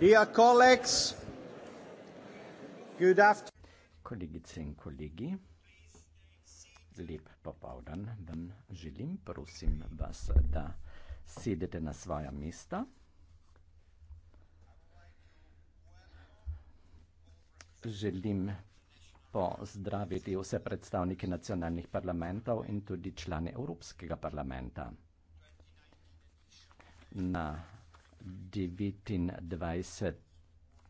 Dear colleagues, good after- Kolegice in kolegi, lep popovdan vam želim. Prosim vas, da sedete na svoja mesta. Želim pozdraviti vse predstavnike nacionalnih parlamentov in tudi člane Evropskega parlamenta. Na 29.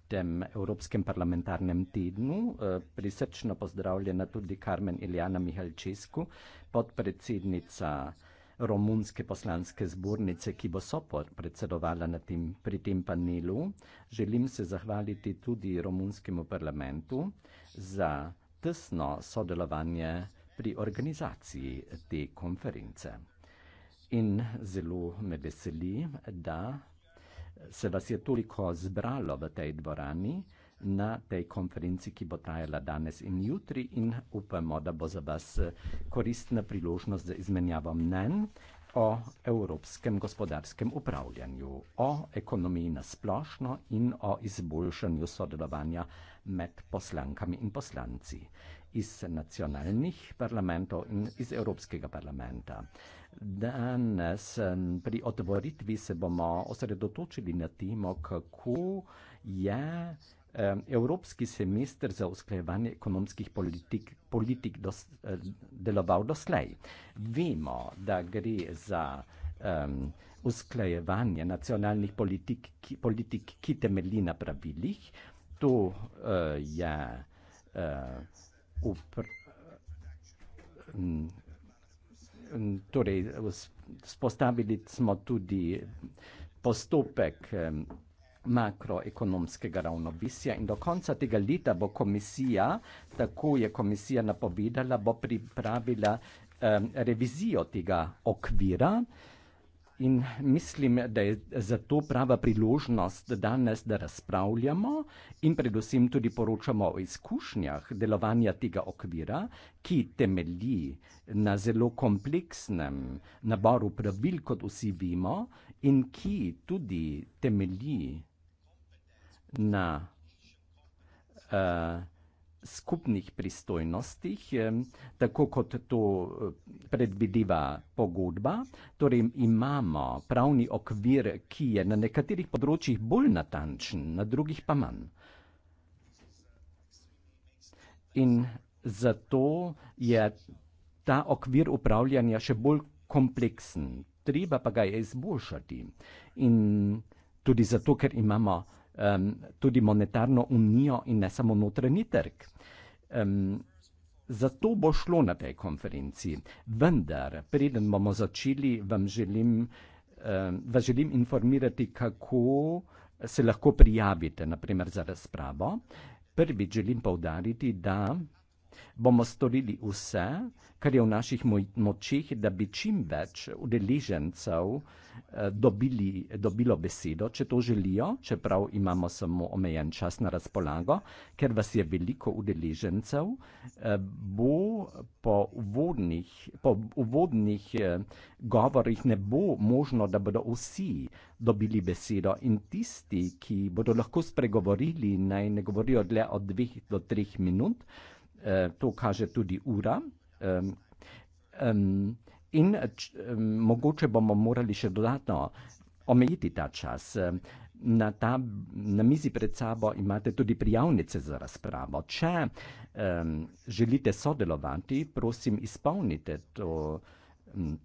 Tem Evropskem parlamentarnem tednu. Eh, prisrčno pozdravljena tudi Karmen Iljana Mihalčesku, podpredsednica Romunske poslanske zbornice, ki bo sopor predsedovala na tem, pri tem panelu. Želim se zahvaliti tudi Romunskemu parlamentu za tesno sodelovanje pri organizaciji te konference. In zelo me veseli, da se vas je toliko zbralo v tej dvorani na tej konferenci, ki bo trajala danes in jutri in upamo, da bo za vas eh, koristna priložnost za izmenjavo mnen o evropskem gospodarskem upravljanju, o ekonomiji nasplošno in o izboljšanju sodelovanja med poslankami in poslanci iz nacionalnih parlamentov in iz Evropskega parlamenta. Danes pri otvoritvi se bomo osredotočili na temo, kako je Evropski semester za usklajevanje ekonomskih politik, politik dos, eh, deloval doslej. Vemo, da gre za um, usklajevanje nacionalnih politik, ki, politik, ki temelji na pravilih. To uh, je uh, upr, m, m, torej, spostavili smo tudi postopek m, makroekonomskega ravnovisja in do konca tega leta bo komisija, tako je komisija napovedala, bo pripravila um, revizijo tega okvira. In mislim, da je zato prava priložnost danes, da razpravljamo in predvsem tudi poročamo o izkušnjah delovanja tega okvira, ki temelji na zelo kompleksnem naboru pravil, kot vsi vemo, in ki tudi temelji na uh, skupnih pristojnostih, eh, tako kot to eh, predvideva pogodba, torej imamo pravni okvir, ki je na nekaterih področjih bolj natančen, na drugih pa manj. In zato je ta okvir upravljanja še bolj kompleksen, treba pa ga je izboljšati. In tudi zato, ker imamo um, tudi monetarno unijo in ne samo notranji trg. Um, zato bo šlo na tej konferenci. Vendar, preden bomo začeli, vam želim, um, vas želim informirati, kako se lahko prijavite, naprimer za razpravo. Prvi želim povdariti, da bomo storili vse, kar je v naših močih, da bi čim več udeležencev eh, dobili, dobilo besedo, če to želijo, čeprav imamo samo omejen čas na razpolago, ker vas je veliko udeležencev, eh, bo po uvodnih, po uvodnih eh, govorih ne bo možno, da bodo vsi dobili besedo in tisti, ki bodo lahko spregovorili, naj ne govorijo dlje od dveh do treh minut, Eh, to kaže tudi ura. Um, in č, um, mogoče bomo morali še dodatno omejiti ta čas. Na, ta, na mizi pred sabo imate tudi prijavnice za razpravo. Če um, želite sodelovati, prosim, izpolnite to um,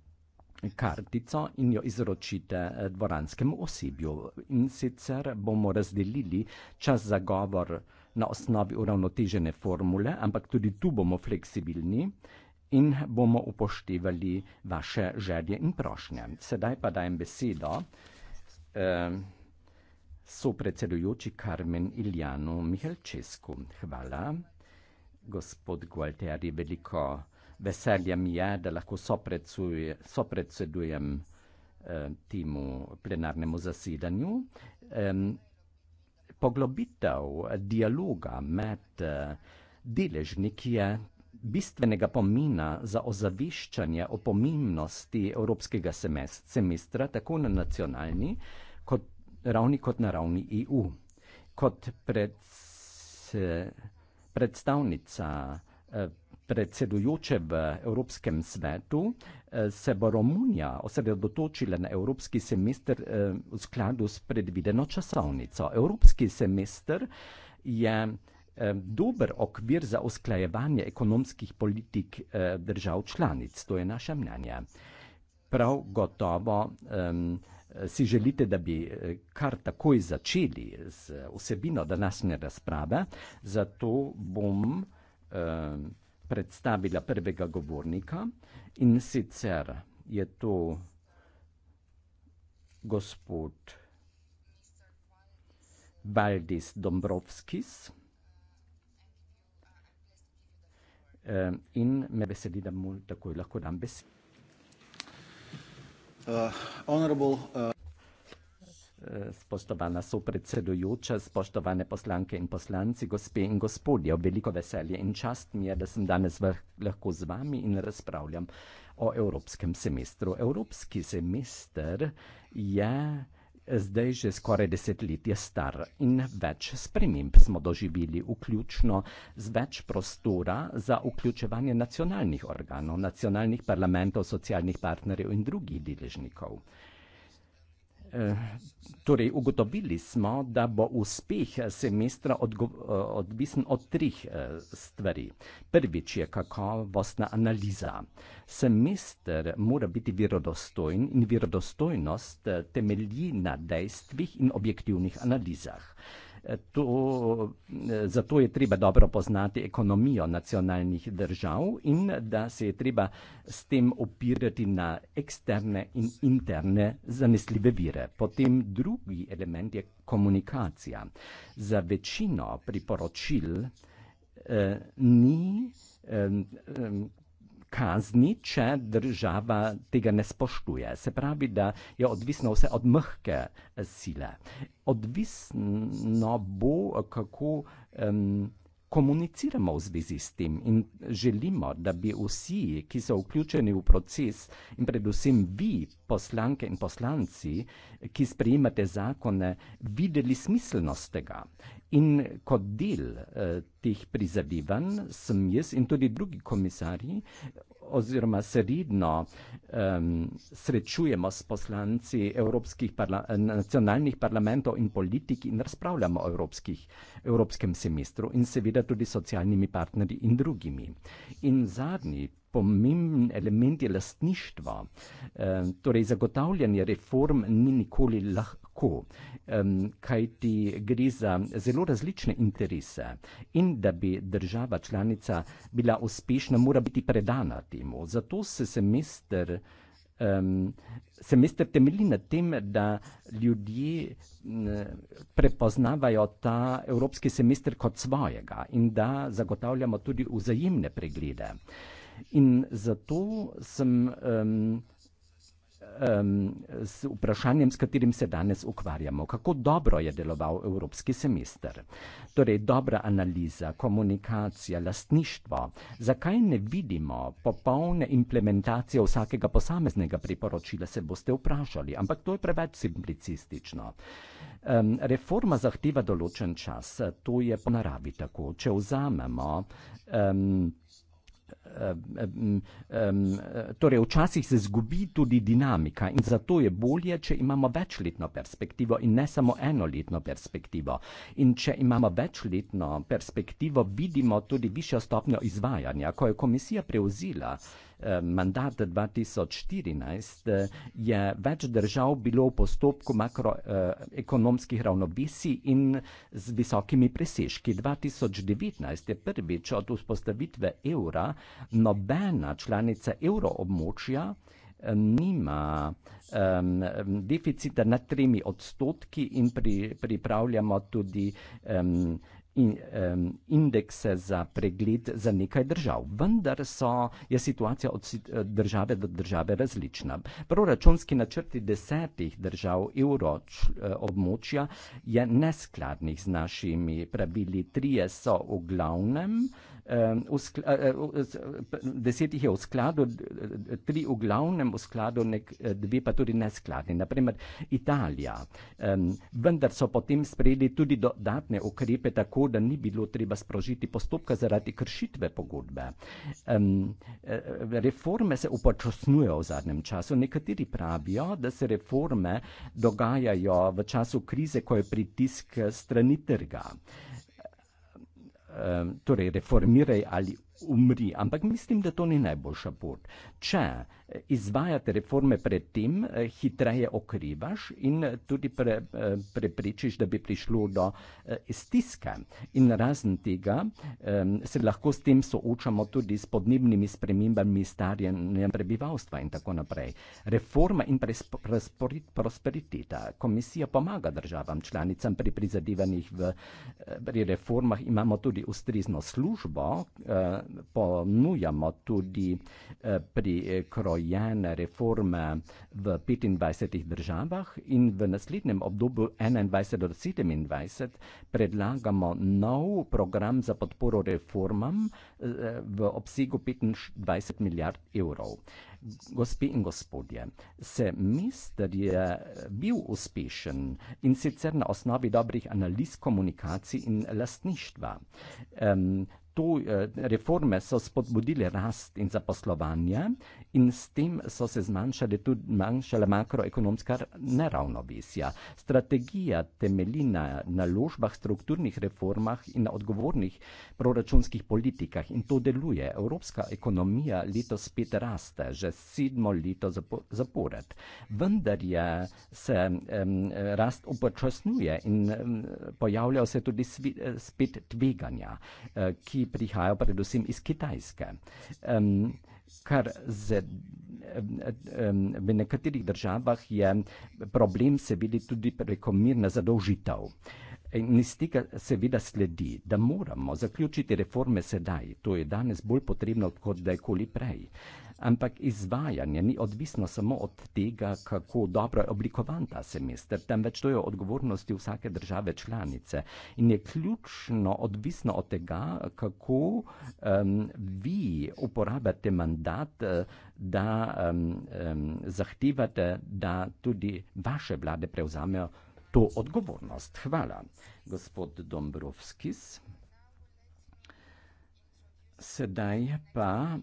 kartico in jo izročite eh, dvoranskemu osebju. In sicer bomo razdelili čas za govor na osnovi uravnotežene formule, ampak tudi tu bomo fleksibilni in bomo upoštevali vaše želje in prošnje. Sedaj pa dajem besedo eh, so predsedujoči Karmen Iljanu Mihelčesku. Hvala, gospod Gualteri, veliko veselja mi je, da lahko sopredsujem, sopredsedujem eh, temu plenarnemu zasedanju. Eh, poglobitev dialoga med eh, deležniki je bistvenega pomena za ozaviščanje o pomembnosti evropskega semestra tako na nacionalni kot ravni kot na ravni EU. Kot pred, predstavnica eh, predsedujoče v Evropskem svetu, eh, se bo Romunija osredotočila na evropski semester eh, v skladu s predvideno časovnico. Evropski semester je eh, dober okvir za usklajevanje ekonomskih politik držav članic, to je naše mnenje. Prav gotovo um, si želite, da bi kar takoj začeli z vsebino današnje razprave, zato bom um, predstavila prvega govornika in sicer je to gospod Valdis Dombrovskis in me veseli, da mu takoj lahko dam besedo. Uh, honorable uh spoštovana sopredsedujoča, spoštovane poslanke in poslanci, gospe in gospodje, veliko veselje in čast mi je, da sem danes lahko z vami in razpravljam o evropskem semestru. Evropski semester je zdaj že skoraj desetletje star in več sprememb smo doživeli, vključno z več prostora za vključevanje nacionalnih organov, nacionalnih parlamentov, socialnih partnerjev in drugih deležnikov. Eh, torej, ugotovili smo, da bo uspeh semestra eh, odvisen od trih eh, stvari. Prvič je kakovostna analiza. Semester mora biti verodostojen in verodostojnost temelji na dejstvih in objektivnih analizah. To, zato je treba dobro poznati ekonomijo nacionalnih držav in da se je treba s tem opirati na eksterne in interne zanesljive vire. Potem drugi element je komunikacija. Za večino priporočil eh, ni eh, kazni, če država tega ne spoštuje. Se pravi, da je odvisno vse od mehke sile. Odvisno bo, kako. Um, komuniciramo v zvezi s tem in želimo, da bi vsi, ki so vključeni v proces in predvsem vi, poslanke in poslanci, ki sprejemate zakone, videli smiselnost tega. In kot del eh, teh prizadevanj sem jaz in tudi drugi komisarji oziroma se redno um, srečujemo s poslanci evropskih parla nacionalnih parlamentov in politiki in razpravljamo o evropskih, evropskem semestru in seveda tudi socialnimi partnerji in drugimi. In zadnji pomemben element je lastništva. E, torej, zagotavljanje reform ni nikoli lahko, e, kajti gre za zelo različne interese in da bi država članica bila uspešna, mora biti predana temu. Zato se semester. Um, semester temelji na tem, da ljudje prepoznavajo ta evropski semester kot svojega in da zagotavljamo tudi vzajemne preglede. Uh, In zato sem um, um, s vprašanjem, s katerim se danes ukvarjamo, kako dobro je deloval evropski semester. Torej, dobra analiza, komunikacija, lastništvo. Zakaj ne vidimo popolne implementacije vsakega posameznega priporočila, se boste vprašali, ampak to je preveč simplicistično. Um, reforma zahteva določen čas, to je po naravi tako. Če vzamemo. Um, um, um, torej včasih se zgubi tudi dinamika in zato je bolje, če imamo večletno perspektivo in ne samo enoletno perspektivo. In če imamo večletno perspektivo, vidimo tudi višjo stopnjo izvajanja, ko je komisija prevzela uh, Eh, mandat 2014 eh, je več držav bilo v postopku makroekonomskih eh, ravnovesij in z visokimi presežki. 2019 je prvič od vzpostavitve evra nobena članica evroobmočja nima um, deficita nad tremi odstotki in pri, pripravljamo tudi um, in, um, indekse za pregled za nekaj držav. Vendar so, je situacija od eh, države do države različna. Proračunski načrti desetih držav evroobmočja eh, je neskladnih z našimi pravili. Trije so v glavnem. Ehm, v eh, eh, eh, deseti jih je v skladu, tri v glavnem v skladu, nek, dve pa tudi neskladni. Naprimer, Italija. Ehm, vendar so potem sprejeli tudi dodatne ukrepe, tako da ni bilo treba sprožiti postopka zaradi kršitve pogodbe. Ehm, reforme se upočasnjujejo v zadnjem času. Nekateri pravijo, da se reforme dogajajo v času krize, ko je pritisk strani trga um, torej reformiraj ali umri, ampak mislim, da to ni najboljša pot. Če izvajati reforme predtem, eh, hitreje okrivaš in tudi pre, eh, prepričiš, da bi prišlo do stiske. Eh, in razen tega se lahko s tem soočamo tudi s podnebnimi spremembami starjenja prebivalstva in tako naprej. Reforma in prosperiteta. Komisija pomaga državam članicam pri prizadevanjih v pri reformah. Imamo tudi ustrezno službo, ponujamo tudi pri kroj prilagojen reforme v 25 državah in v naslednjem obdobju 21 do 27 predlagamo nov program za podporo reformam eh, v obsegu 25 milijard evrov. Gospi in gospodje, se mister je bil uspešen in sicer na osnovi dobrih analiz komunikacij in lastništva. Um, to, eh, reforme so spodbudile rast in zaposlovanje in s tem so se zmanjšale tudi manjšale makroekonomska neravnovesja. Strategija temelji na naložbah, strukturnih reformah in na odgovornih proračunskih politikah in to deluje. Evropska ekonomija letos spet raste, že sedmo leto zapored. Vendar je, se um, rast upočasnjuje in um, pojavljajo se tudi spet tveganja, eh, ki prihajajo predvsem iz Kitajske. Um, kar z, um, v nekaterih državah je problem seveda tudi prekomirna zadolžitev. In iz tega seveda sledi, da moramo zaključiti reforme sedaj. To je danes bolj potrebno, kot da je koli prej ampak izvajanje ni odvisno samo od tega, kako dobro je oblikovan ta semester, temveč to je odgovornost vsake države članice in je ključno odvisno od tega, kako um, vi uporabljate mandat, eh, da um, um, zahtevate, da tudi vaše vlade prevzamejo to odgovornost. Hvala, gospod Dombrovskis. Sedaj pa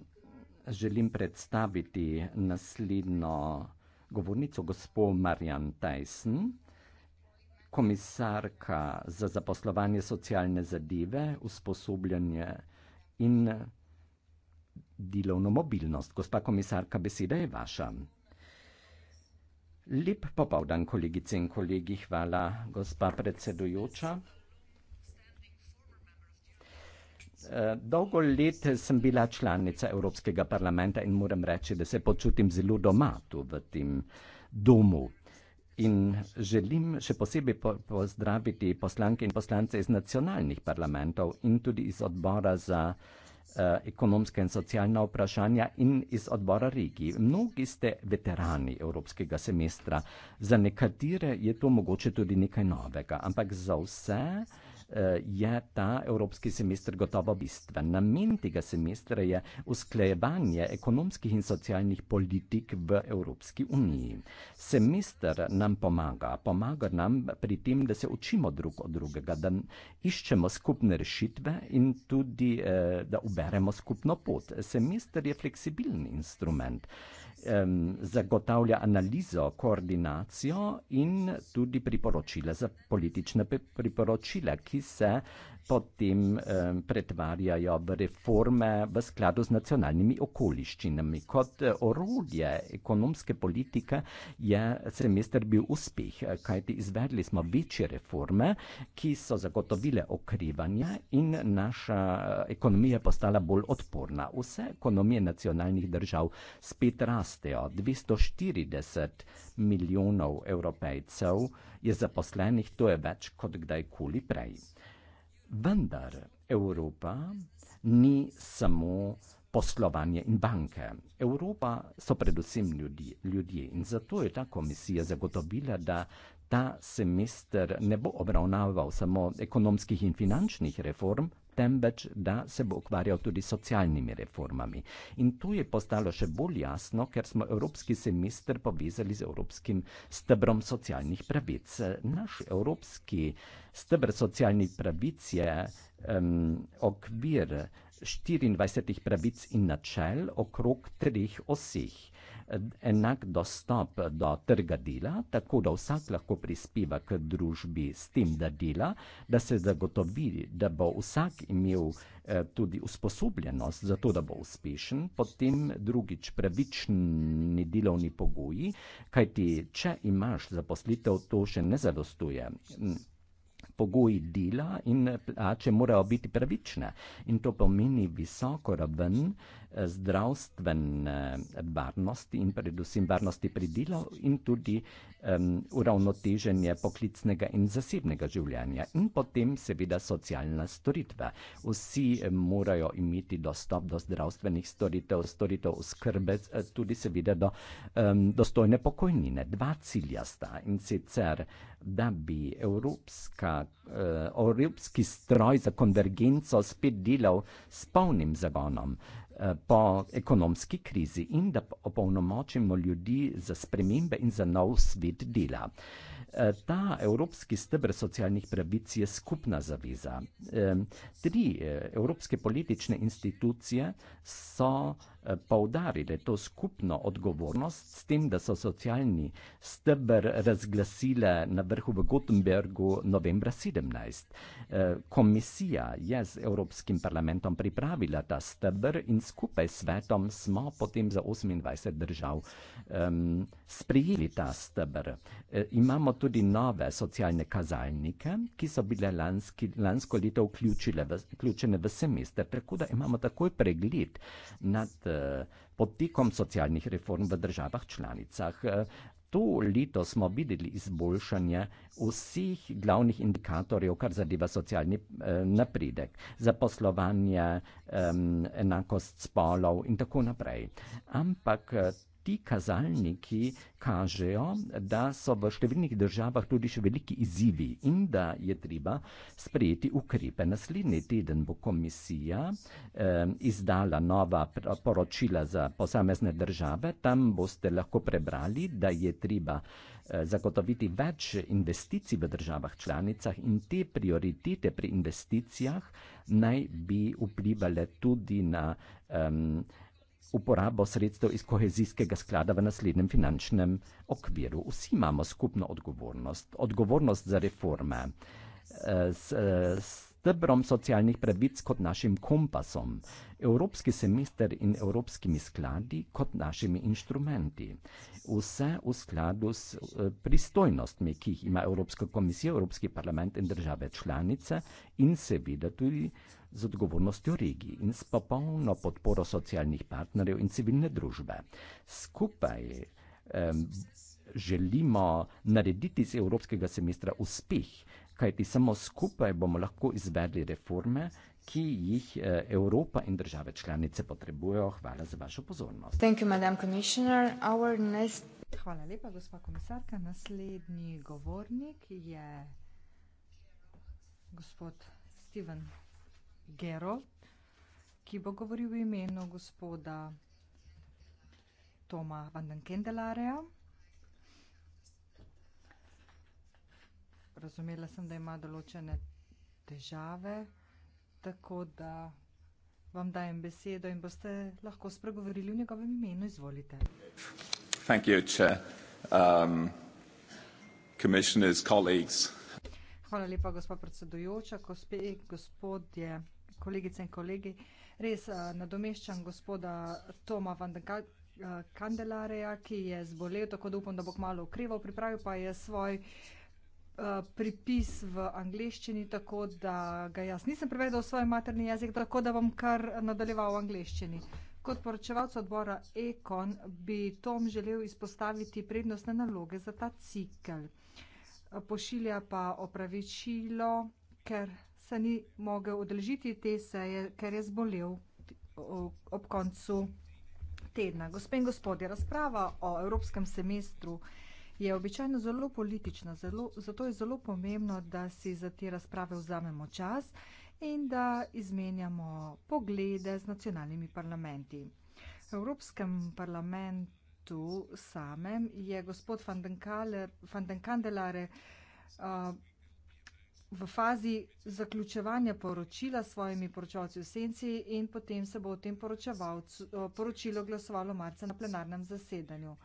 želim predstaviti naslednjo govornico, gospod Marjan Tyson, komisarka za zaposlovanje socialne zadeve, usposobljanje in delovno mobilnost. Gospa komisarka, beseda je vaša. Lep popoldan, kolegice in kolegi, hvala, gospa predsedujoča. Eh, dolgo let sem bila članica Evropskega parlamenta in moram reči, da se počutim zelo doma tu v tem domu. In želim še posebej po pozdraviti poslanke in poslance iz nacionalnih parlamentov in tudi iz odbora za uh, eh, ekonomske in socialna vprašanja in iz odbora regij. Mnogi ste veterani evropskega semestra, za nekatere je to mogoče tudi nekaj novega, ampak za vse uh, Eh, je ta evropski semester gotovo bistven. Namen tega semestra je usklejevanje ekonomskih in socialnih politik v Evropski uniji. Semester nam pomaga, pomaga nam pri tem, da se učimo drug od drugega, da iščemo skupne rešitve in tudi, eh, da uberemo skupno pot. Semester je fleksibilni instrument um, zagotavlja analizo, koordinacijo in tudi priporočila za politične priporočila, ki se uh, potem um, pretvarjajo v reforme v skladu z nacionalnimi okoliščinami. Kot eh, orodje ekonomske politike je semester bil uspeh, kajti izvedli smo večje reforme, ki so zagotovile okrivanje in naša eh, ekonomija je postala bolj odporna. Vse ekonomije nacionalnih držav spet rastejo. 240 milijonov evropejcev je zaposlenih, to je več kot kdajkoli prej. Vendar Evropa ni samo poslovanje in banke. Evropa so predvsem ljudi, ljudje in zato je ta komisija zagotovila, da ta semester ne bo obravnaval samo ekonomskih in finančnih reform, temveč da se bo ukvarjal tudi s socialnimi reformami. In to je postalo še bolj jasno, ker smo evropski semester povezali z evropskim stebrom socialnih pravic. Naš evropski stebr socialnih pravic je um, okvir 24 pravic in načel okrog treh osih enak dostop do trga dela, tako da vsak lahko prispeva k družbi s tem, da dela, da se zagotovi, da bo vsak imel eh, tudi usposobljenost za to, da bo uspešen, potem drugič pravični delovni pogoji, kajti če imaš zaposlitev, to še ne zadostuje. Pogoji dela in plače morajo biti pravične in to pomeni visoko raven zdravstvene varnosti in predvsem varnosti pri delu in tudi um, uravnoteženje poklicnega in zasebnega življenja in potem seveda socialna storitva. Vsi morajo imeti dostop do zdravstvenih storitev, storitev oskrbe, tudi seveda do um, dostojne pokojnine. Dva cilja sta in sicer, da bi evropska, uh, evropski stroj za konvergenco spet delal s polnim zagonom. Eh, po ekonomski krizi in da opolnomočimo ljudi za spremembe in za nov svet dela. Eh, ta evropski stebr socialnih pravic je skupna zaveza. Eh, tri evropske politične institucije so Eh, poudarile to skupno odgovornost s tem, da so socialni stebr razglasile na vrhu v Gotenbergu novembra 17. Eh, komisija je z Evropskim parlamentom pripravila ta stebr in skupaj s svetom smo potem za 28 držav um, sprijeli ta stebr. Eh, imamo tudi nove socialne kazalnike, ki so bile lanski, lansko leto vključene v semester, tako da imamo takoj pregled nad Eh, potekom socialnih reform v državah članicah. Eh, to leto smo videli izboljšanje vseh glavnih indikatorjev, kar zadeva socialni eh, napredek, zaposlovanje, eh, enakost spolov in tako naprej. Ampak eh, ti kazalniki kažejo, da so v številnih državah tudi še veliki izzivi in da je treba sprejeti ukrepe. Naslednji teden bo komisija eh, izdala nova poročila za posamezne države. Tam boste lahko prebrali, da je treba eh, zagotoviti več investicij v državah članicah in te prioritete pri investicijah naj bi vplivale tudi na. Eh, uporabo sredstev iz kohezijskega sklada v naslednjem finančnem okviru. Vsi imamo skupno odgovornost, odgovornost za reforme eh, s, eh, s tebrom socialnih pravic kot našim kompasom, evropski semester in evropskimi skladi kot našimi inštrumenti. Vse v skladu s eh, pristojnostmi, ki jih ima Evropska komisija, Evropski parlament in države članice in seveda tudi z odgovornostjo regij in s popolno podporo socialnih partnerjev in civilne družbe. Skupaj eh, želimo narediti iz Evropskega semestra uspeh, kajti samo skupaj bomo lahko izvedli reforme, ki jih eh, Evropa in države članice potrebujejo. Hvala za vašo pozornost. Hvala lepa, gospa komisarka. Naslednji govornik je gospod Steven Gero, ki bo govoril v imenu gospoda Toma Vandenkendelareja. Razumela sem, da ima določene težave, tako da vam dajem besedo in boste lahko spregovorili v njegovem imenu. Izvolite. Thank you, Chair. Um, commissioners, colleagues, Hvala lepa, gospod predsedujoča, gospe, gospodje, kolegice in kolegi. Res eh, nadomeščam gospoda Toma Vandekandelareja, eh, ki je zbolel, tako da upam, da bo kmalo ukreval. Pripravil pa je svoj eh, pripis v angleščini, tako da ga jaz nisem prevedel v svoj materni jezik, tako da bom kar nadaljeval v angleščini. Kot poročevalc odbora Ekon bi Tom želel izpostaviti prednostne naloge za ta cikl. Uh, pošilja pa opravičilo, ker se ni mogel odležiti te seje, ker je zbolel ob koncu tedna. Gospe in gospodje, razprava o evropskem semestru je običajno zelo politična, zelo, zato je zelo pomembno, da si za te razprave vzamemo čas in da izmenjamo poglede z nacionalnimi parlamenti. V Evropskem parlamentu tu samem je gospod Van den Kandelare v fazi zaključevanja poročila s svojimi poročevalci v senci in potem se bo o tem poročilo glasovalo marca na plenarnem zasedanju.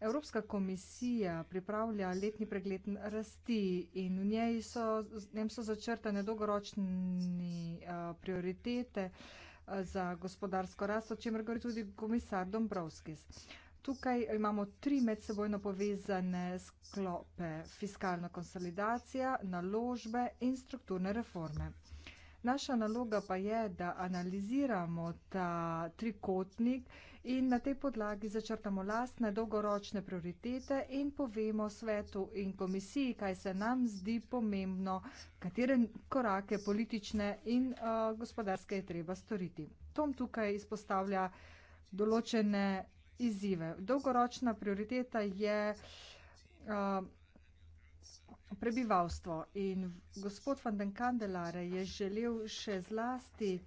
Evropska komisija pripravlja letni pregled rasti in v njej so, v njem so začrtane dolgoročni prioritete za gospodarsko rast, o čemer govori tudi komisar Dombrovskis. Uh, Tukaj imamo tri medsebojno povezane sklope, fiskalna konsolidacija, naložbe in strukturne reforme. Naša naloga pa je, da analiziramo ta trikotnik in na tej podlagi začrtamo lastne dolgoročne prioritete in povemo svetu in komisiji, kaj se nam zdi pomembno, katere korake politične in uh, gospodarske je treba storiti. Tom tukaj izpostavlja določene izzive. Dolgoročna prioriteta je uh, prebivalstvo in gospod van den Kandelare je želel še zlasti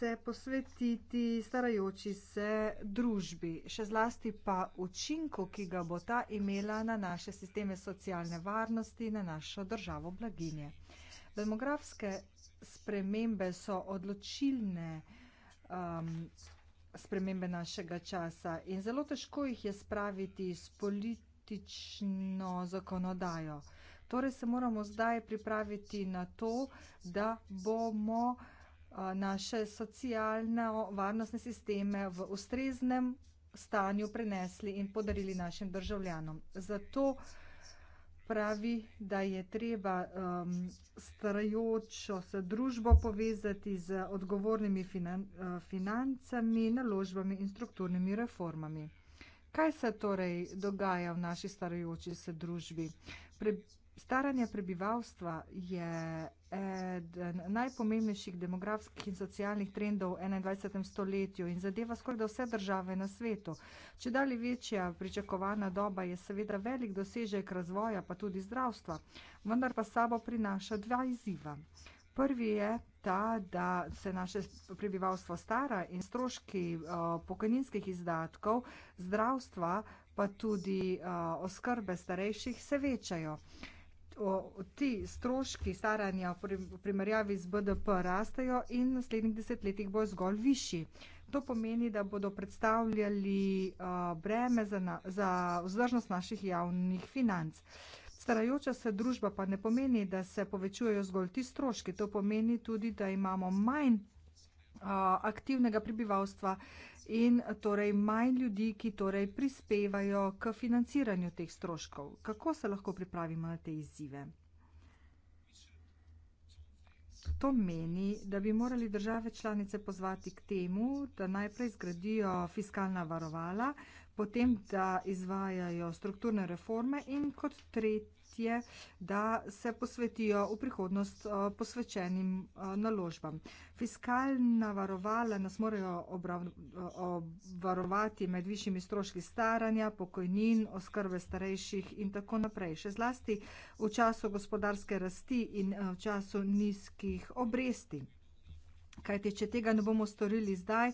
se posvetiti starajoči se družbi, še zlasti pa učinko, ki ga bo ta imela na naše sisteme socialne varnosti, na našo državo blaginje. Demografske spremembe so odločilne uh, um, spremembe našega časa in zelo težko jih je spraviti s politično zakonodajo. Torej se moramo zdaj pripraviti na to, da bomo uh, naše socialne varnostne sisteme v ustreznem stanju prenesli in podarili našim državljanom. Zato uh, pravi, da je treba um, starajočo se družbo povezati z odgovornimi finan, uh, financami, naložbami in strukturnimi reformami. Kaj se torej dogaja v naši starajoči se družbi? Pre, Staranje prebivalstva je eden najpomembnejših demografskih in socialnih trendov v 21. stoletju in zadeva skoraj vse države na svetu. Če dalje večja pričakovana doba je seveda velik dosežek razvoja, pa tudi zdravstva, vendar pa sabo prinaša dva izziva. Prvi je ta, da se naše prebivalstvo stara in stroški pokojninskih izdatkov zdravstva, pa tudi oskrbe starejših se večajo o, ti stroški staranja v primerjavi z BDP rastejo in v naslednjih desetletjih bo zgolj višji. To pomeni, da bodo predstavljali uh, breme za, na, za vzdržnost naših javnih financ. Starajoča se družba pa ne pomeni, da se povečujejo zgolj ti stroški. To pomeni tudi, da imamo manj uh, aktivnega prebivalstva, uh, in torej manj ljudi, ki torej prispevajo k financiranju teh stroškov. Kako se lahko pripravimo na te izzive? To meni, da bi morali države članice pozvati k temu, da najprej zgradijo fiskalna varovala, potem da izvajajo strukturne reforme in kot tretje, podjetje, da se posvetijo v prihodnost eh, posvečenim eh, naložbam. Fiskalna varovala nas morajo eh, obvarovati med višjimi stroški staranja, pokojnin, oskrbe starejših in tako naprej. Še zlasti v času gospodarske rasti in v času nizkih obresti. Kajti, če tega ne bomo storili zdaj,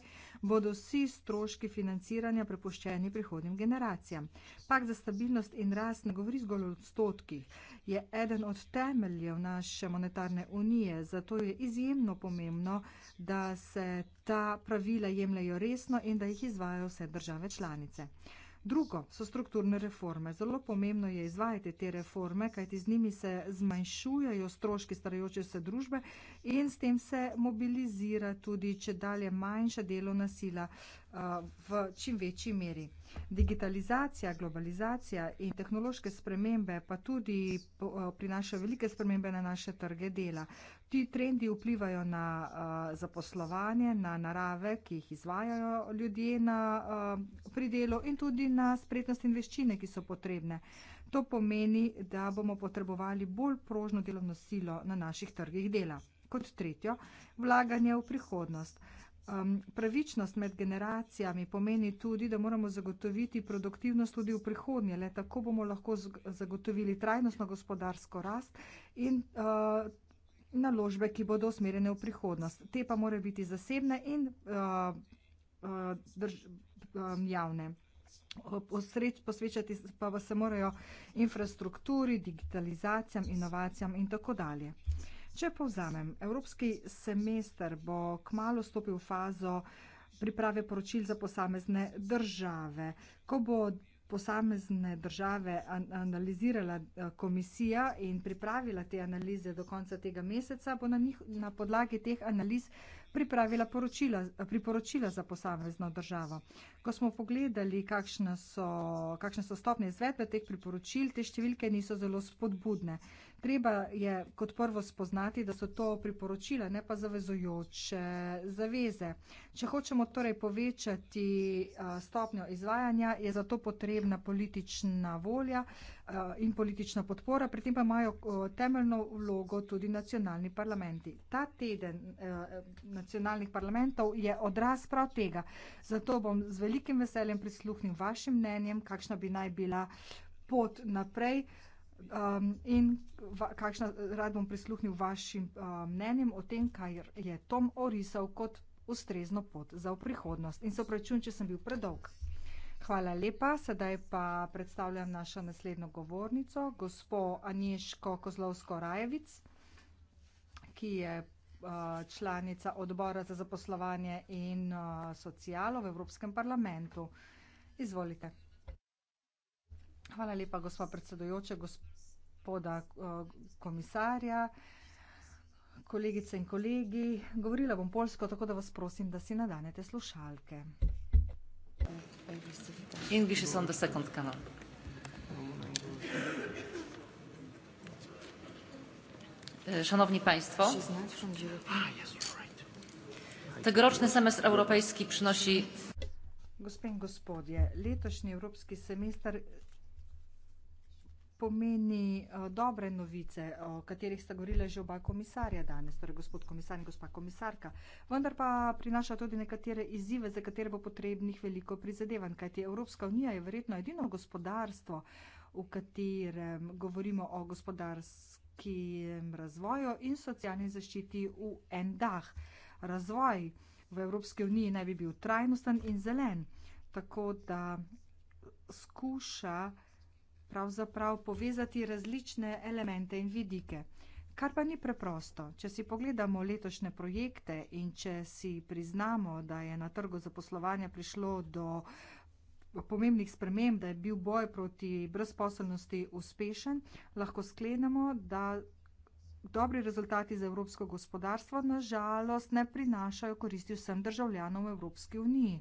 bodo vsi stroški financiranja prepuščeni prihodnim generacijam. Pak za stabilnost in rast ne govori zgolj o odstotkih, je eden od temeljev naše monetarne unije, zato je izjemno pomembno, da se ta pravila jemljajo resno in da jih izvajo vse države članice. Drugo so strukturne reforme. Zelo pomembno je izvajati te reforme, kajti z njimi se zmanjšujejo stroški starajoče se družbe in s tem se mobilizira tudi, če dalje manjša delovna sila eh, v čim večji meri. Digitalizacija, globalizacija in tehnološke spremembe pa tudi eh, prinašajo velike spremembe na naše trge dela. Ti trendi vplivajo na uh, zaposlovanje, na narave, ki jih izvajajo ljudje na uh, pridelu in tudi na spretnosti in veščine, ki so potrebne. To pomeni, da bomo potrebovali bolj prožno delovno silo na naših trgih dela. Kot tretjo, vlaganje v prihodnost. Um, pravičnost med generacijami pomeni tudi, da moramo zagotoviti produktivnost tudi v prihodnje. Le tako bomo lahko zagotovili trajnostno gospodarsko rast in uh, naložbe, ki bodo usmerjene v prihodnost. Te pa morajo biti zasebne in uh, uh, drž, um, javne. Posreč, posvečati pa se morajo infrastrukturi, digitalizacijam, inovacijam in tako dalje. Če povzamem, evropski semester bo kmalo stopil v fazo priprave poročil za posamezne države. Ko bo posamezne države an analizirala eh, komisija in pripravila te analize do konca tega meseca, bo na, njih, na podlagi teh analiz pripravila priporočila za posamezno državo. Ko smo pogledali, kakšne so, kakšne so stopne izvedbe teh priporočil, te številke niso zelo spodbudne treba je kot prvo spoznati, da so to priporočila, ne pa zavezujoče zaveze. Če hočemo torej povečati eh, stopnjo izvajanja, je za to potrebna politična volja eh, in politična podpora, pri tem pa imajo eh, temeljno vlogo tudi nacionalni parlamenti. Ta teden nacionalnih parlamentov je odraz prav tega. Zato bom z velikim veseljem prisluhnil vašim mnenjem, kakšna bi naj bila pot naprej. Um, in kakšna, rad bom prisluhnil vašim uh, mnenjem o tem, kaj je Tom orisal kot ustrezno pot za v prihodnost. In se oprečujem, če sem bil predolg. Hvala lepa. Sedaj pa predstavljam našo naslednjo govornico, gospo Anješko Kozlovsko-Rajevic, ki je uh, članica odbora za zaposlovanje in uh, socialo v Evropskem parlamentu. Izvolite. Hvala lepa, gospa predsedujoča, gospoda eh, komisarja, kolegice in kolegi. Govorila bom polsko, tako da vas prosim, da si nadanete slušalke. English is on the second canal. E, szanowni Państwo, tegoroczny semestr europejski przynosi. Gospodzie, letośni europejski semestr pomeni eh, dobre novice, o katerih sta govorila že oba komisarja danes, torej gospod komisar in gospa komisarka, vendar pa prinaša tudi nekatere izzive, za katere bo potrebnih veliko prizadevanj, kajti Evropska unija je verjetno edino gospodarstvo, v katerem govorimo o gospodarskem razvoju in socialni zaščiti v en dah. Razvoj v Evropski uniji naj bi bil trajnosten in zelen, tako da skuša pravzaprav povezati različne elemente in vidike. Kar pa ni preprosto, če si pogledamo letošnje projekte in če si priznamo, da je na trgu zaposlovanja prišlo do pomembnih sprememb, da je bil boj proti brezposelnosti uspešen, lahko sklenemo, da dobri rezultati za evropsko gospodarstvo nažalost ne prinašajo koristi vsem državljanom Evropske unije.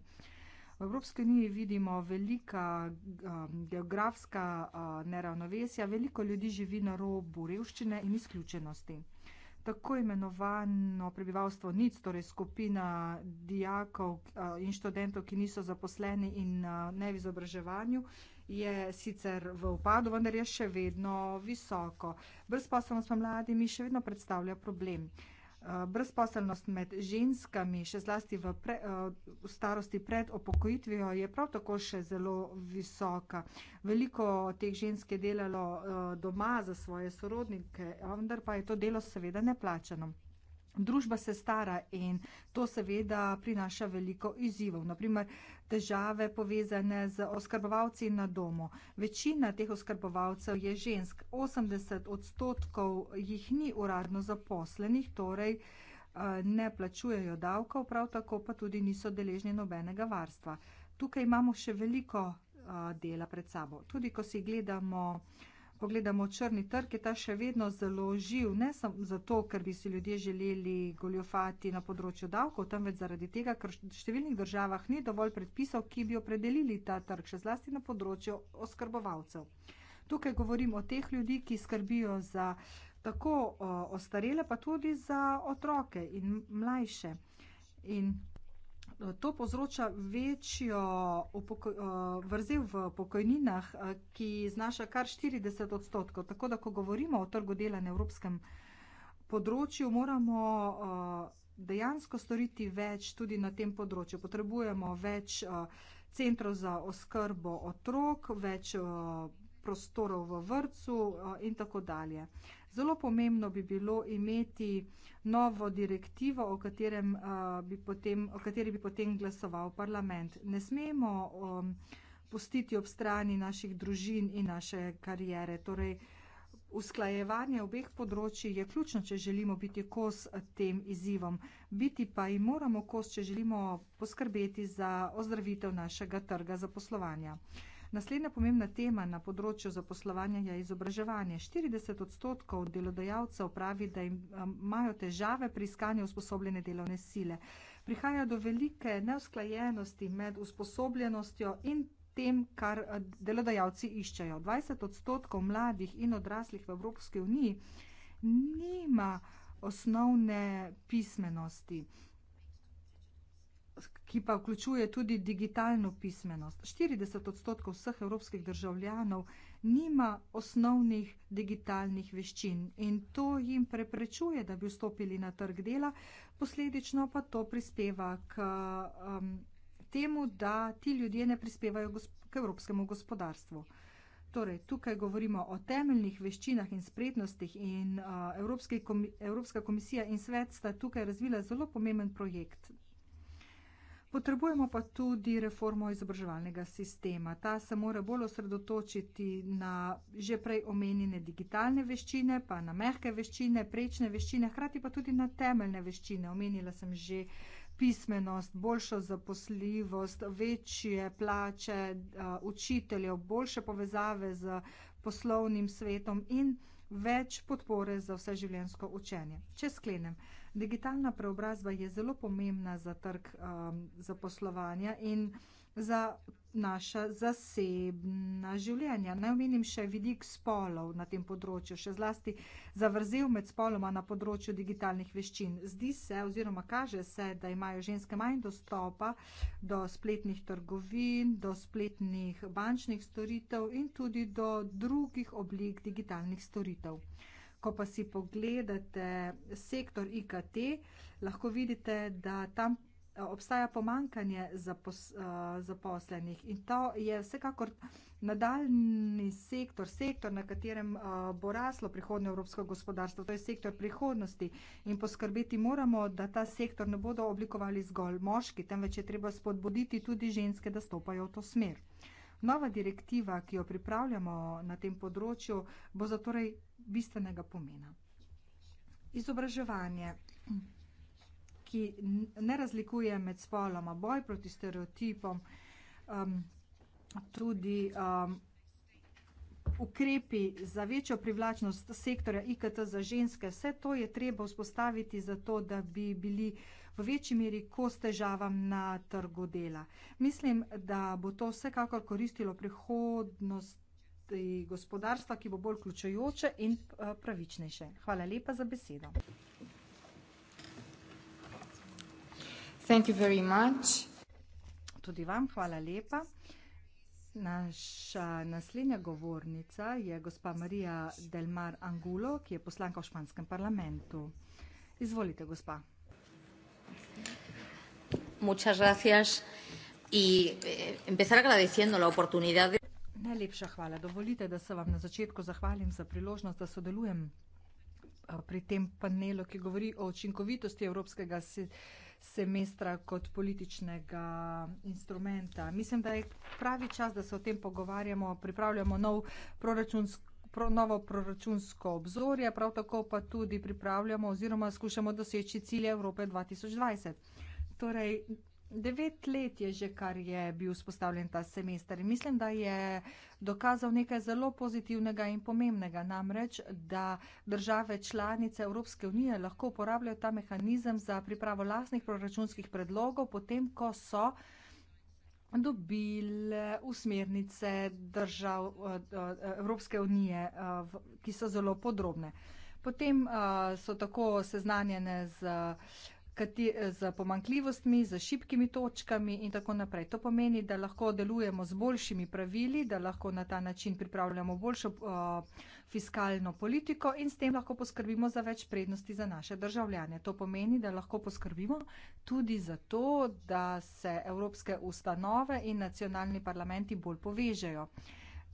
V Evropski uniji vidimo velika um, geografska uh, neravnovesja, veliko ljudi živi na robu revščine in izključenosti. Tako imenovano prebivalstvo NIC, torej skupina dijakov uh, in študentov, ki niso zaposleni in uh, ne v izobraževanju, je sicer v upadu, vendar je še vedno visoko. Brzposobnost pa mladimi še vedno predstavlja problem. Eh, brezposelnost med ženskami, še zlasti v, pre, eh, v starosti pred opokojitvijo, je prav tako še zelo visoka. Veliko teh žensk je delalo eh, doma za svoje sorodnike, vendar pa je to delo seveda neplačano. Družba se stara in to seveda prinaša veliko izzivov, naprimer težave povezane z oskrbovalci na domu. Večina teh oskrbovalcev je žensk, 80 odstotkov jih ni uradno zaposlenih, torej eh, ne plačujejo davkov, prav tako pa tudi niso deležni nobenega varstva. Tukaj imamo še veliko eh, dela pred sabo. Tudi ko si gledamo pogledamo črni trg, je ta še vedno zelo živ, ne samo zato, ker bi si ljudje želeli goljofati na področju davkov, temveč zaradi tega, ker v številnih državah ni dovolj predpisov, ki bi opredelili ta trg, še zlasti na področju oskrbovalcev. Tukaj govorim o teh ljudi, ki skrbijo za tako o, ostarele, pa tudi za otroke in mlajše. In To povzroča večjo eh, vrzel v pokojninah, eh, ki znaša kar 40 odstotkov. Tako da, ko govorimo o trgu dela na evropskem področju, moramo eh, dejansko storiti več tudi na tem področju. Potrebujemo več centrov za oskrbo otrok, več prostorov v vrcu in tako dalje. Zelo pomembno bi bilo imeti novo direktivo, o, katerem, uh, bi potem, o kateri bi potem glasoval parlament. Ne smemo um, pustiti ob strani naših družin in naše karijere. Torej, usklajevanje obeh področji je ključno, če želimo biti kos tem izzivom. Biti pa jim moramo kos, če želimo poskrbeti za ozdravitev našega trga za poslovanje. Naslednja pomembna tema na področju zaposlovanja je izobraževanje. 40 odstotkov delodajalcev pravi, da imajo težave pri iskanju usposobljene delovne sile. Prihaja do velike neusklajenosti med usposobljenostjo in tem, kar delodajalci iščejo. 20 odstotkov mladih in odraslih v Evropski uniji nima osnovne pismenosti ki pa vključuje tudi digitalno pismenost. 40 odstotkov vseh evropskih državljanov nima osnovnih digitalnih veščin in to jim preprečuje, da bi vstopili na trg dela, posledično pa to prispeva k um, temu, da ti ljudje ne prispevajo k evropskemu gospodarstvu. Torej, tukaj govorimo o temeljnih veščinah in spretnostih in uh, komi Evropska komisija in svet sta tukaj razvila zelo pomemben projekt Potrebujemo pa tudi reformo izobraževalnega sistema. Ta se mora bolj osredotočiti na že prej omenjene digitalne veščine, pa na mehke veščine, prečne veščine, hkrati pa tudi na temeljne veščine. Omenila sem že pismenost, boljšo zaposljivost, večje plače učiteljev, boljše povezave z poslovnim svetom in več podpore za vseživljenjsko učenje. Če sklenem. Digitalna preobrazba je zelo pomembna za trg um, zaposlovanja in za naša zasebna življenja. Naj omenim še vidik spolov na tem področju, še zlasti zavrzel med spoloma na področju digitalnih veščin. Zdi se oziroma kaže se, da imajo ženske manj dostopa do spletnih trgovin, do spletnih bančnih storitev in tudi do drugih oblik digitalnih storitev. Ko pa si pogledate sektor IKT, lahko vidite, da tam eh, obstaja pomankanje zapos, eh, zaposlenih in to je vsekakor nadaljni sektor, sektor, na katerem eh, bo raslo prihodnje evropsko gospodarstvo, to je sektor prihodnosti in poskrbeti moramo, da ta sektor ne bodo oblikovali zgolj moški, temveč je treba spodbuditi tudi ženske, da stopajo v to smer. Nova direktiva, ki jo pripravljamo na tem področju, bo zatorej bistvenega pomena. Izobraževanje, ki ne razlikuje med spoloma, boj proti stereotipom, um, tudi um, ukrepi za večjo privlačnost sektorja IKT za ženske, vse to je treba vzpostaviti zato, da bi bili v večji meri kos težavam na trgu dela. Mislim, da bo to vsekakor koristilo prihodnost gospodarstva, ki bo bolj vključujoče in eh, pravičnejše. Hvala lepa za besedo. Thank you very much. Tudi vam hvala lepa. Naša naslednja govornica je gospa Marija Delmar Angulo, ki je poslanka v španskem parlamentu. Izvolite, gospa. Muchas gracias. Y eh, empezar agradeciendo la oportunidad de... Najlepša hvala. Dovolite, da se vam na začetku zahvalim za priložnost, da sodelujem eh, pri tem panelu, ki govori o učinkovitosti evropskega semestra kot političnega instrumenta. Mislim, da je pravi čas, da se o tem pogovarjamo, pripravljamo nov proračunsko novo proračunsko obzorje, prav tako pa tudi pripravljamo oziroma skušamo doseči cilje Evrope 2020. Torej, Devet let je že, kar je bil vzpostavljen ta semester. Mislim, da je dokazal nekaj zelo pozitivnega in pomembnega, namreč, da države članice Evropske unije lahko uporabljajo ta mehanizem za pripravo lasnih proračunskih predlogov, potem, ko so dobile usmernice držav eh, Evropske unije, eh, ki so zelo podrobne. Potem eh, so tako seznanjene z kati, eh, z pomankljivostmi, z šibkimi točkami in tako naprej. To pomeni, da lahko delujemo z boljšimi pravili, da lahko na ta način pripravljamo boljšo uh, fiskalno politiko in s tem lahko poskrbimo za več prednosti za naše državljane. To pomeni, da lahko poskrbimo tudi za to, da se evropske ustanove in nacionalni parlamenti bolj povežejo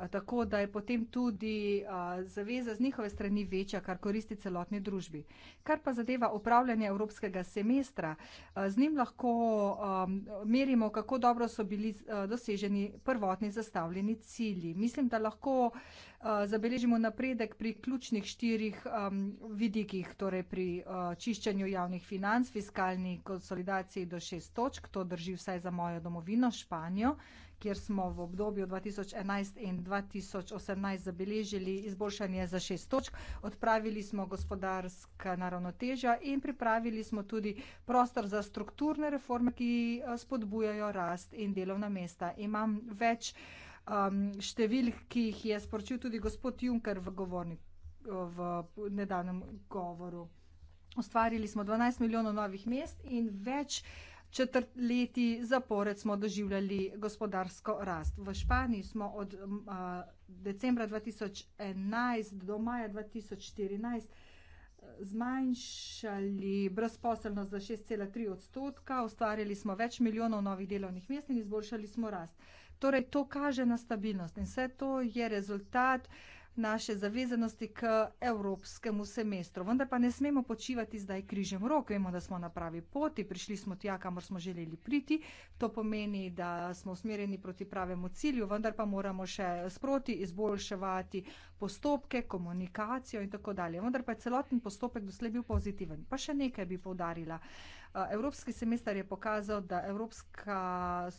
tako da je potem tudi a, zaveza z njihove strani večja, kar koristi celotni družbi. Kar pa zadeva upravljanje evropskega semestra, a, z njim lahko a, merimo, kako dobro so bili a, doseženi prvotni zastavljeni cilji. Mislim, da lahko a, zabeležimo napredek pri ključnih štirih a, vidikih, torej pri a, čiščenju javnih financ, fiskalni konsolidaciji do šest točk, to drži vsaj za mojo domovino Španijo, kjer smo v obdobju 2011 in 2018 zabeležili izboljšanje za šest točk. Odpravili smo gospodarska naravnotežja in pripravili smo tudi prostor za strukturne reforme, ki eh, spodbujajo rast in delovna mesta. Imam več um, številk, ki jih je sporočil tudi gospod Juncker v, govorni, v nedavnem govoru. Ustvarili smo 12 milijonov novih mest in več uh, četrtletji zapored smo doživljali gospodarsko rast. V Španiji smo od uh, decembra 2011 do maja 2014 eh, zmanjšali brezposelnost za 6,3 odstotka, ustvarjali smo več milijonov novih delovnih mest in izboljšali smo rast. Torej, to kaže na stabilnost in vse to je rezultat uh, naše zavezanosti k evropskemu semestru. Vendar pa ne smemo počivati zdaj križem rok. Vemo, da smo na pravi poti, prišli smo tja, kamor smo želeli priti. To pomeni, da smo usmerjeni proti pravemu cilju, vendar pa moramo še sproti izboljševati postopke, komunikacijo in tako dalje. Vendar pa je celoten postopek doslej bil pozitiven. Pa še nekaj bi povdarila. Evropski semestar je pokazal, da Evropska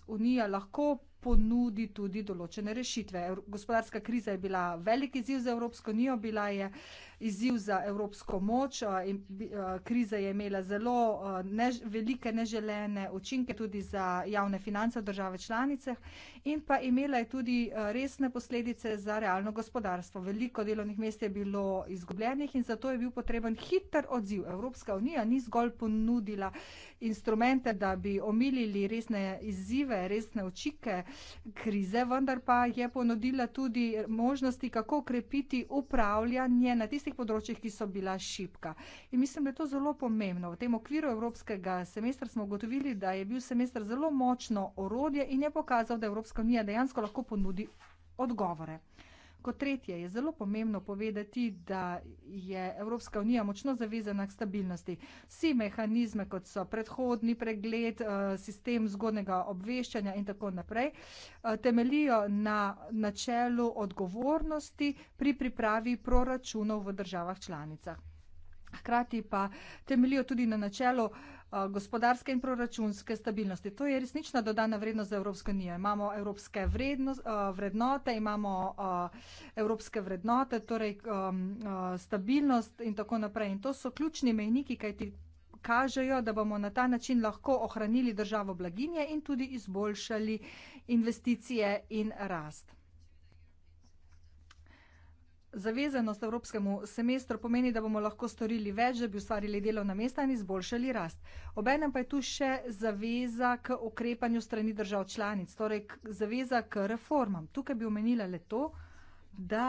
unija lahko ponudi tudi določene rešitve. Gospodarska kriza je bila velik izziv za Evropsko unijo, bila je izziv za evropsko moč in kriza je imela zelo ne, velike neželene učinke tudi za javne finance v države članice in pa imela je tudi resne posledice za realno gospodarstvo. Veliko delovnih mest je bilo izgubljenih in zato je bil potreben hiter odziv. Evropska unija ni zgolj ponudila instrumente, da bi omilili resne izzive, resne očike krize, vendar pa je ponudila tudi možnosti, kako ukrepiti upravljanje na tistih področjih, ki so bila šipka. In mislim, da je to zelo pomembno. V tem okviru evropskega semestra smo ugotovili, da je bil semestr zelo močno orodje in je pokazal, da Evropska unija dejansko lahko ponudi odgovore. Kot tretje je zelo pomembno povedati, da je Evropska unija močno zavezana k stabilnosti. Vsi mehanizme, kot so predhodni pregled, eh, sistem zgodnega obveščanja in tako naprej, eh, temelijo na načelu odgovornosti pri pripravi proračunov v državah članicah. Hkrati pa temelijo tudi na načelu uh, Eh, gospodarske in proračunske stabilnosti. To je resnična dodana vrednost za Evropsko unijo. Imamo evropske vrednost, eh, vrednote, imamo eh, evropske vrednote, torej um, stabilnost in tako naprej. In to so ključni mejniki, kaj ti kažejo, da bomo na ta način lahko ohranili državo blaginje in tudi izboljšali investicije in rast. Zavezenost evropskemu semestru pomeni, da bomo lahko storili več, da bi ustvarili delovna mesta in izboljšali rast. Obenem pa je tu še zaveza k okrepanju strani držav članic, torej k zaveza k reformam. Tukaj bi omenila le to, da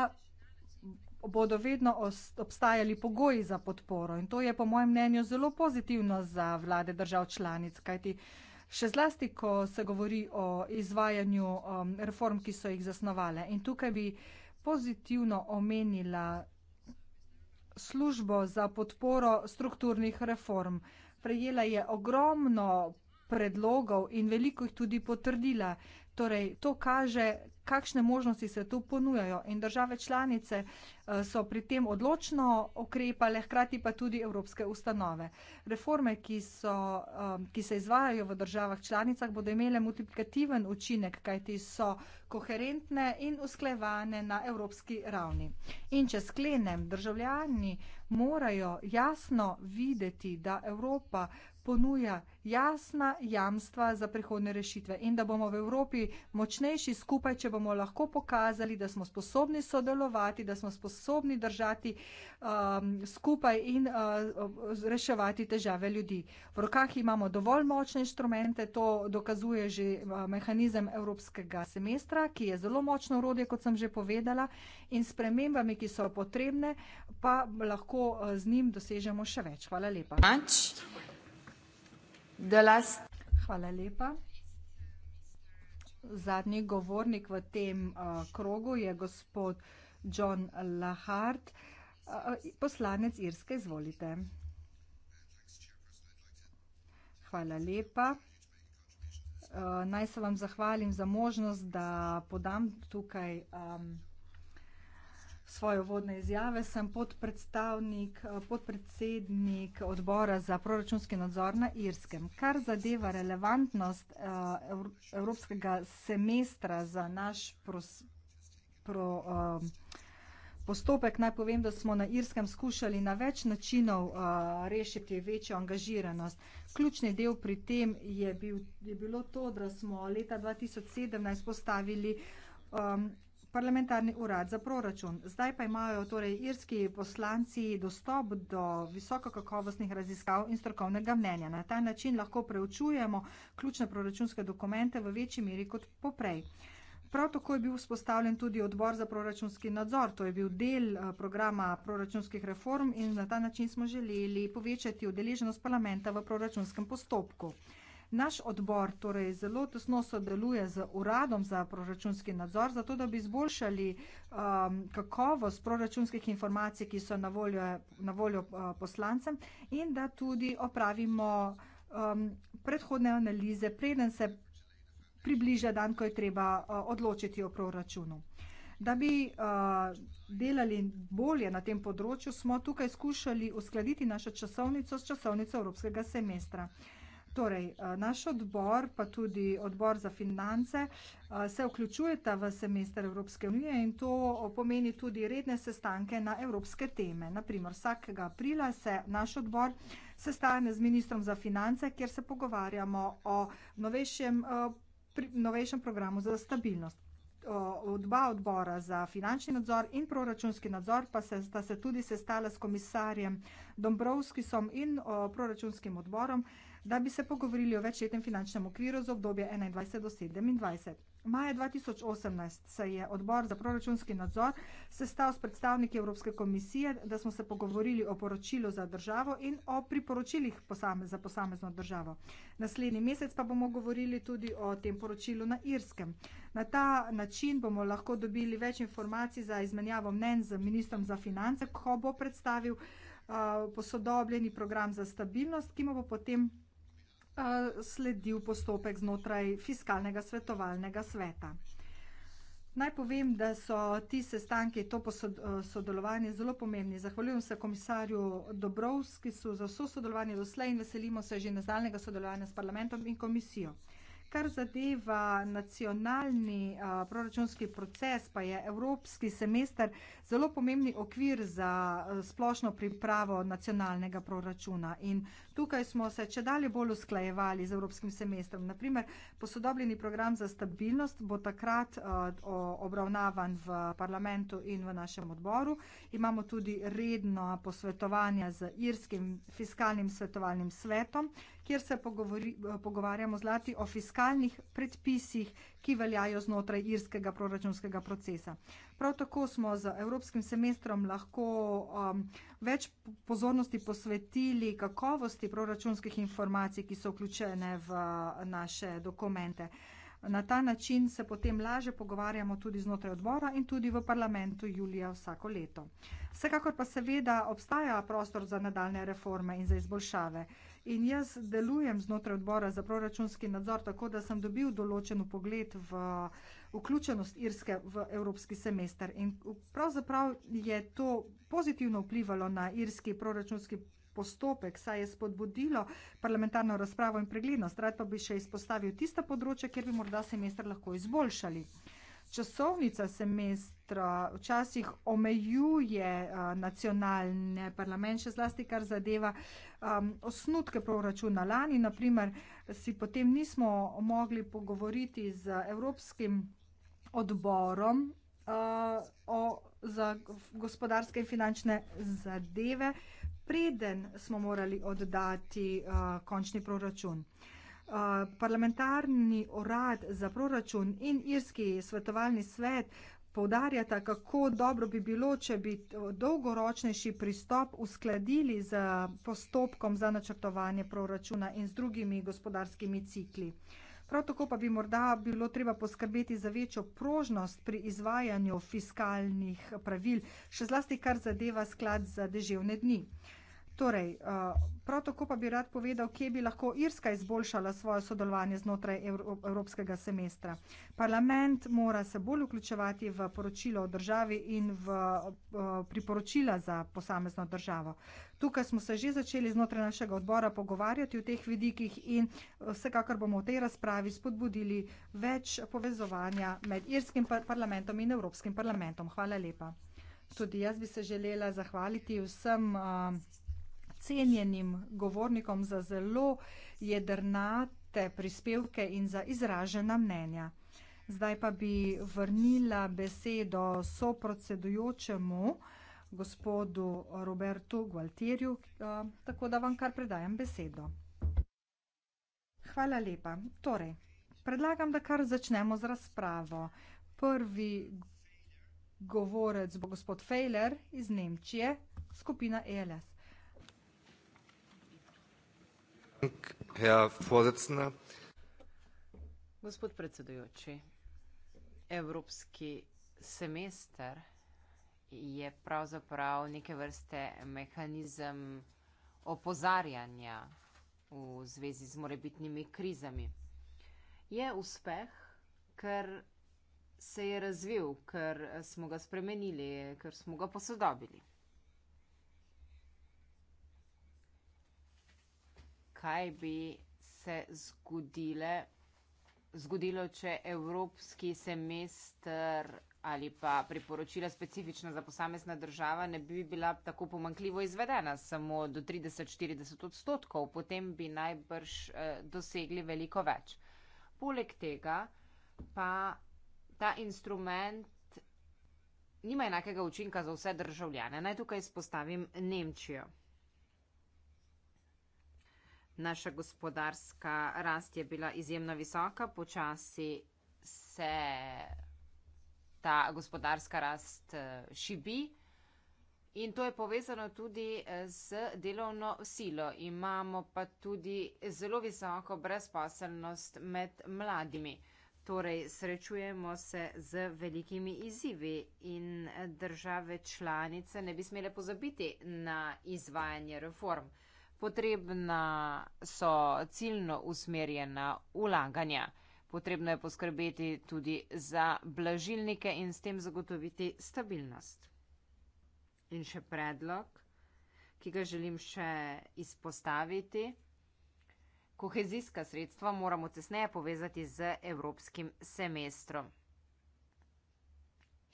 bodo vedno obstajali pogoji za podporo in to je po mojem mnenju zelo pozitivno za vlade držav članic, kajti še zlasti, ko se govori o izvajanju um, reform, ki so jih zasnovale. In tukaj bi pozitivno omenila službo za podporo strukturnih reform. Prejela je ogromno predlogov in veliko jih tudi potrdila. Torej, to kaže, kakšne možnosti se tu ponujajo. In države članice eh, so pri tem odločno okrepale, hkrati pa tudi evropske ustanove. Reforme, ki, so, eh, ki se izvajajo v državah članicah, bodo imele multiplikativen učinek, kajti so koherentne in usklevane na evropski ravni. In če sklenem, državljani morajo jasno videti, da Evropa ponuja jasna jamstva za prihodne rešitve in da bomo v Evropi močnejši skupaj, če bomo lahko pokazali, da smo sposobni sodelovati, da smo sposobni držati um, skupaj in uh, reševati težave ljudi. V rokah imamo dovolj močne inštrumente, to dokazuje že uh, mehanizem evropskega semestra, ki je zelo močno urodje, kot sem že povedala, in s premembami, ki so potrebne, pa lahko uh, z njim dosežemo še več. Hvala lepa. Manč. Hvala lepa. Zadnji govornik v tem eh, krogu je gospod John Lahart, eh, poslanec Irske, izvolite. Hvala lepa. Eh, naj se vam zahvalim za možnost, da podam tukaj svoje uvodne izjave. Sem podpredstavnik, eh, podpredsednik odbora za proračunski nadzor na Irskem. Kar zadeva relevantnost eh, evropskega semestra za naš pros, pro, eh, postopek, naj povem, da smo na Irskem skušali na več načinov rešiti večjo angažiranost. Ključni del pri tem je, bil, je bilo to, da smo leta 2017 postavili. Ehm, parlamentarni urad za proračun. Zdaj pa imajo torej irski poslanci dostop do visokokakovostnih raziskav in strokovnega mnenja. Na ta način lahko preučujemo ključne proračunske dokumente v večji meri kot poprej. Prav tako je bil vzpostavljen tudi odbor za proračunski nadzor. To je bil del eh, programa proračunskih reform in na ta način smo želeli povečati udeleženost parlamenta v proračunskem postopku. Naš odbor torej zelo tesno sodeluje z uradom za proračunski nadzor, zato da bi izboljšali um, kakovost proračunskih informacij, ki so na voljo, na voljo uh, poslancem in da tudi opravimo um, predhodne analize, preden se približa dan, ko je treba uh, odločiti o proračunu. Da bi uh, delali bolje na tem področju, smo tukaj skušali uskladiti našo časovnico s časovnico Evropskega semestra. Uh, Torej, eh, naš odbor, pa tudi odbor za finance, eh, se vključujeta v semester Evropske unije in to pomeni tudi redne sestanke na evropske teme. Naprimer, vsakega aprila se naš odbor sestane z ministrom za finance, kjer se pogovarjamo o novejšem, eh, novejšem programu za stabilnost. Dva odbora za finančni nadzor in proračunski nadzor pa se, sta se tudi sestala s komisarjem Dombrovskisom in proračunskim odborom da bi se pogovorili o večletnem finančnem okviru za obdobje 2021 do 2027. Maja 2018 se je odbor za proračunski nadzor sestal s predstavniki Evropske komisije, da smo se pogovorili o poročilu za državo in o priporočilih posame, za posamezno državo. Naslednji mesec pa bomo govorili tudi o tem poročilu na Irskem. Na ta način bomo lahko dobili več informacij za izmenjavo mnen z ministrom za finance, ko bo predstavil uh, posodobljeni program za stabilnost, ki mu bo potem sledil postopek znotraj fiskalnega svetovalnega sveta. Naj povem, da so ti sestanki, to e, sodelovanje zelo pomembni. Zahvaljujem se komisarju Dobrovski za vso sodelovanje doslej in veselimo se že nazaljnega sodelovanja s parlamentom in komisijo kar zadeva nacionalni a, proračunski proces, pa je evropski semester zelo pomembni okvir za a, splošno pripravo nacionalnega proračuna. In tukaj smo se če dalje bolj usklajevali z evropskim semestrom. Naprimer, posodobljeni program za stabilnost bo takrat a, o, obravnavan v parlamentu in v našem odboru. Imamo tudi redno posvetovanja z irskim fiskalnim svetovalnim svetom, kjer se pogovori, pogovarjamo zlati o fiskalnem fiskalnih predpisih, ki veljajo znotraj irskega proračunskega procesa. Prav tako smo z evropskim semestrom lahko um, več pozornosti posvetili kakovosti proračunskih informacij, ki so vključene v uh, naše dokumente. Na ta način se potem laže pogovarjamo tudi znotraj odbora in tudi v parlamentu julija vsako leto. Vsekakor pa seveda obstaja prostor za nadaljne reforme in za izboljšave. In jaz delujem znotraj odbora za proračunski nadzor, tako da sem dobil določen pogled v vključenost Irske v evropski semester. In pravzaprav je to pozitivno vplivalo na irski proračunski postopek, saj je spodbudilo parlamentarno razpravo in preglednost. Rad pa bi še izpostavil tista področja, kjer bi morda semester lahko izboljšali. Časovnica semestra ministra včasih omejuje uh, nacionalne parlament, še zlasti kar zadeva um, osnutke proračuna lani. Naprimer, si potem nismo mogli pogovoriti z Evropskim odborom uh, o, za gospodarske in finančne zadeve, preden smo morali oddati uh, končni proračun. Uh, parlamentarni urad za proračun in irski svetovalni svet uh, poudarjata, kako dobro bi bilo, če bi dolgoročnejši pristop uskladili z postopkom za načrtovanje proračuna in z drugimi gospodarskimi cikli. Prav tako pa bi morda bilo treba poskrbeti za večjo prožnost pri izvajanju fiskalnih pravil, še zlasti kar zadeva sklad za deževne dni. Torej, eh, prav tako pa bi rad povedal, kje bi lahko Irska izboljšala svoje sodelovanje znotraj evropskega semestra. Parlament mora se bolj vključevati v poročilo o državi in v eh, priporočila za posamezno državo. Tukaj smo se že začeli znotraj našega odbora pogovarjati o teh vidikih in eh, vsekakor bomo v tej razpravi spodbudili več povezovanja med Irskim parlamentom in Evropskim parlamentom. Hvala lepa. Tudi jaz bi se želela zahvaliti vsem uh, cenjenim govornikom za zelo jedrnate prispevke in za izražena mnenja. Zdaj pa bi vrnila besedo soprocedujočemu gospodu Robertu Gualtirju, eh, tako da vam kar predajam besedo. Hvala lepa. Torej, predlagam, da kar začnemo z razpravo. Prvi govorec bo gospod Fejler iz Nemčije, skupina ELS. Gospod predsedujoči, evropski semester je pravzaprav neke vrste mehanizem opozarjanja v zvezi z morebitnimi krizami. Je uspeh, ker se je razvil, ker smo ga spremenili, ker smo ga posodobili. kaj bi se zgodile, zgodilo, če evropski semester ali pa priporočila specifična za posamezna država ne bi bila tako pomankljivo izvedena, samo do 30-40 odstotkov, potem bi najbrž eh, dosegli veliko več. Poleg tega pa ta instrument nima enakega učinka za vse državljane. Naj tukaj izpostavim Nemčijo naša gospodarska rast je bila izjemno visoka, počasi se ta gospodarska rast eh, šibi. In to je povezano tudi eh, z delovno silo. Imamo pa tudi zelo visoko brezposelnost med mladimi. Torej, srečujemo se z velikimi izzivi in eh, države članice ne bi smele pozabiti na izvajanje reform potrebna so ciljno usmerjena ulaganja. Potrebno je poskrbeti tudi za blažilnike in s tem zagotoviti stabilnost. In še predlog, ki ga želim še izpostaviti. Kohezijska sredstva moramo tesneje povezati z evropskim semestrom.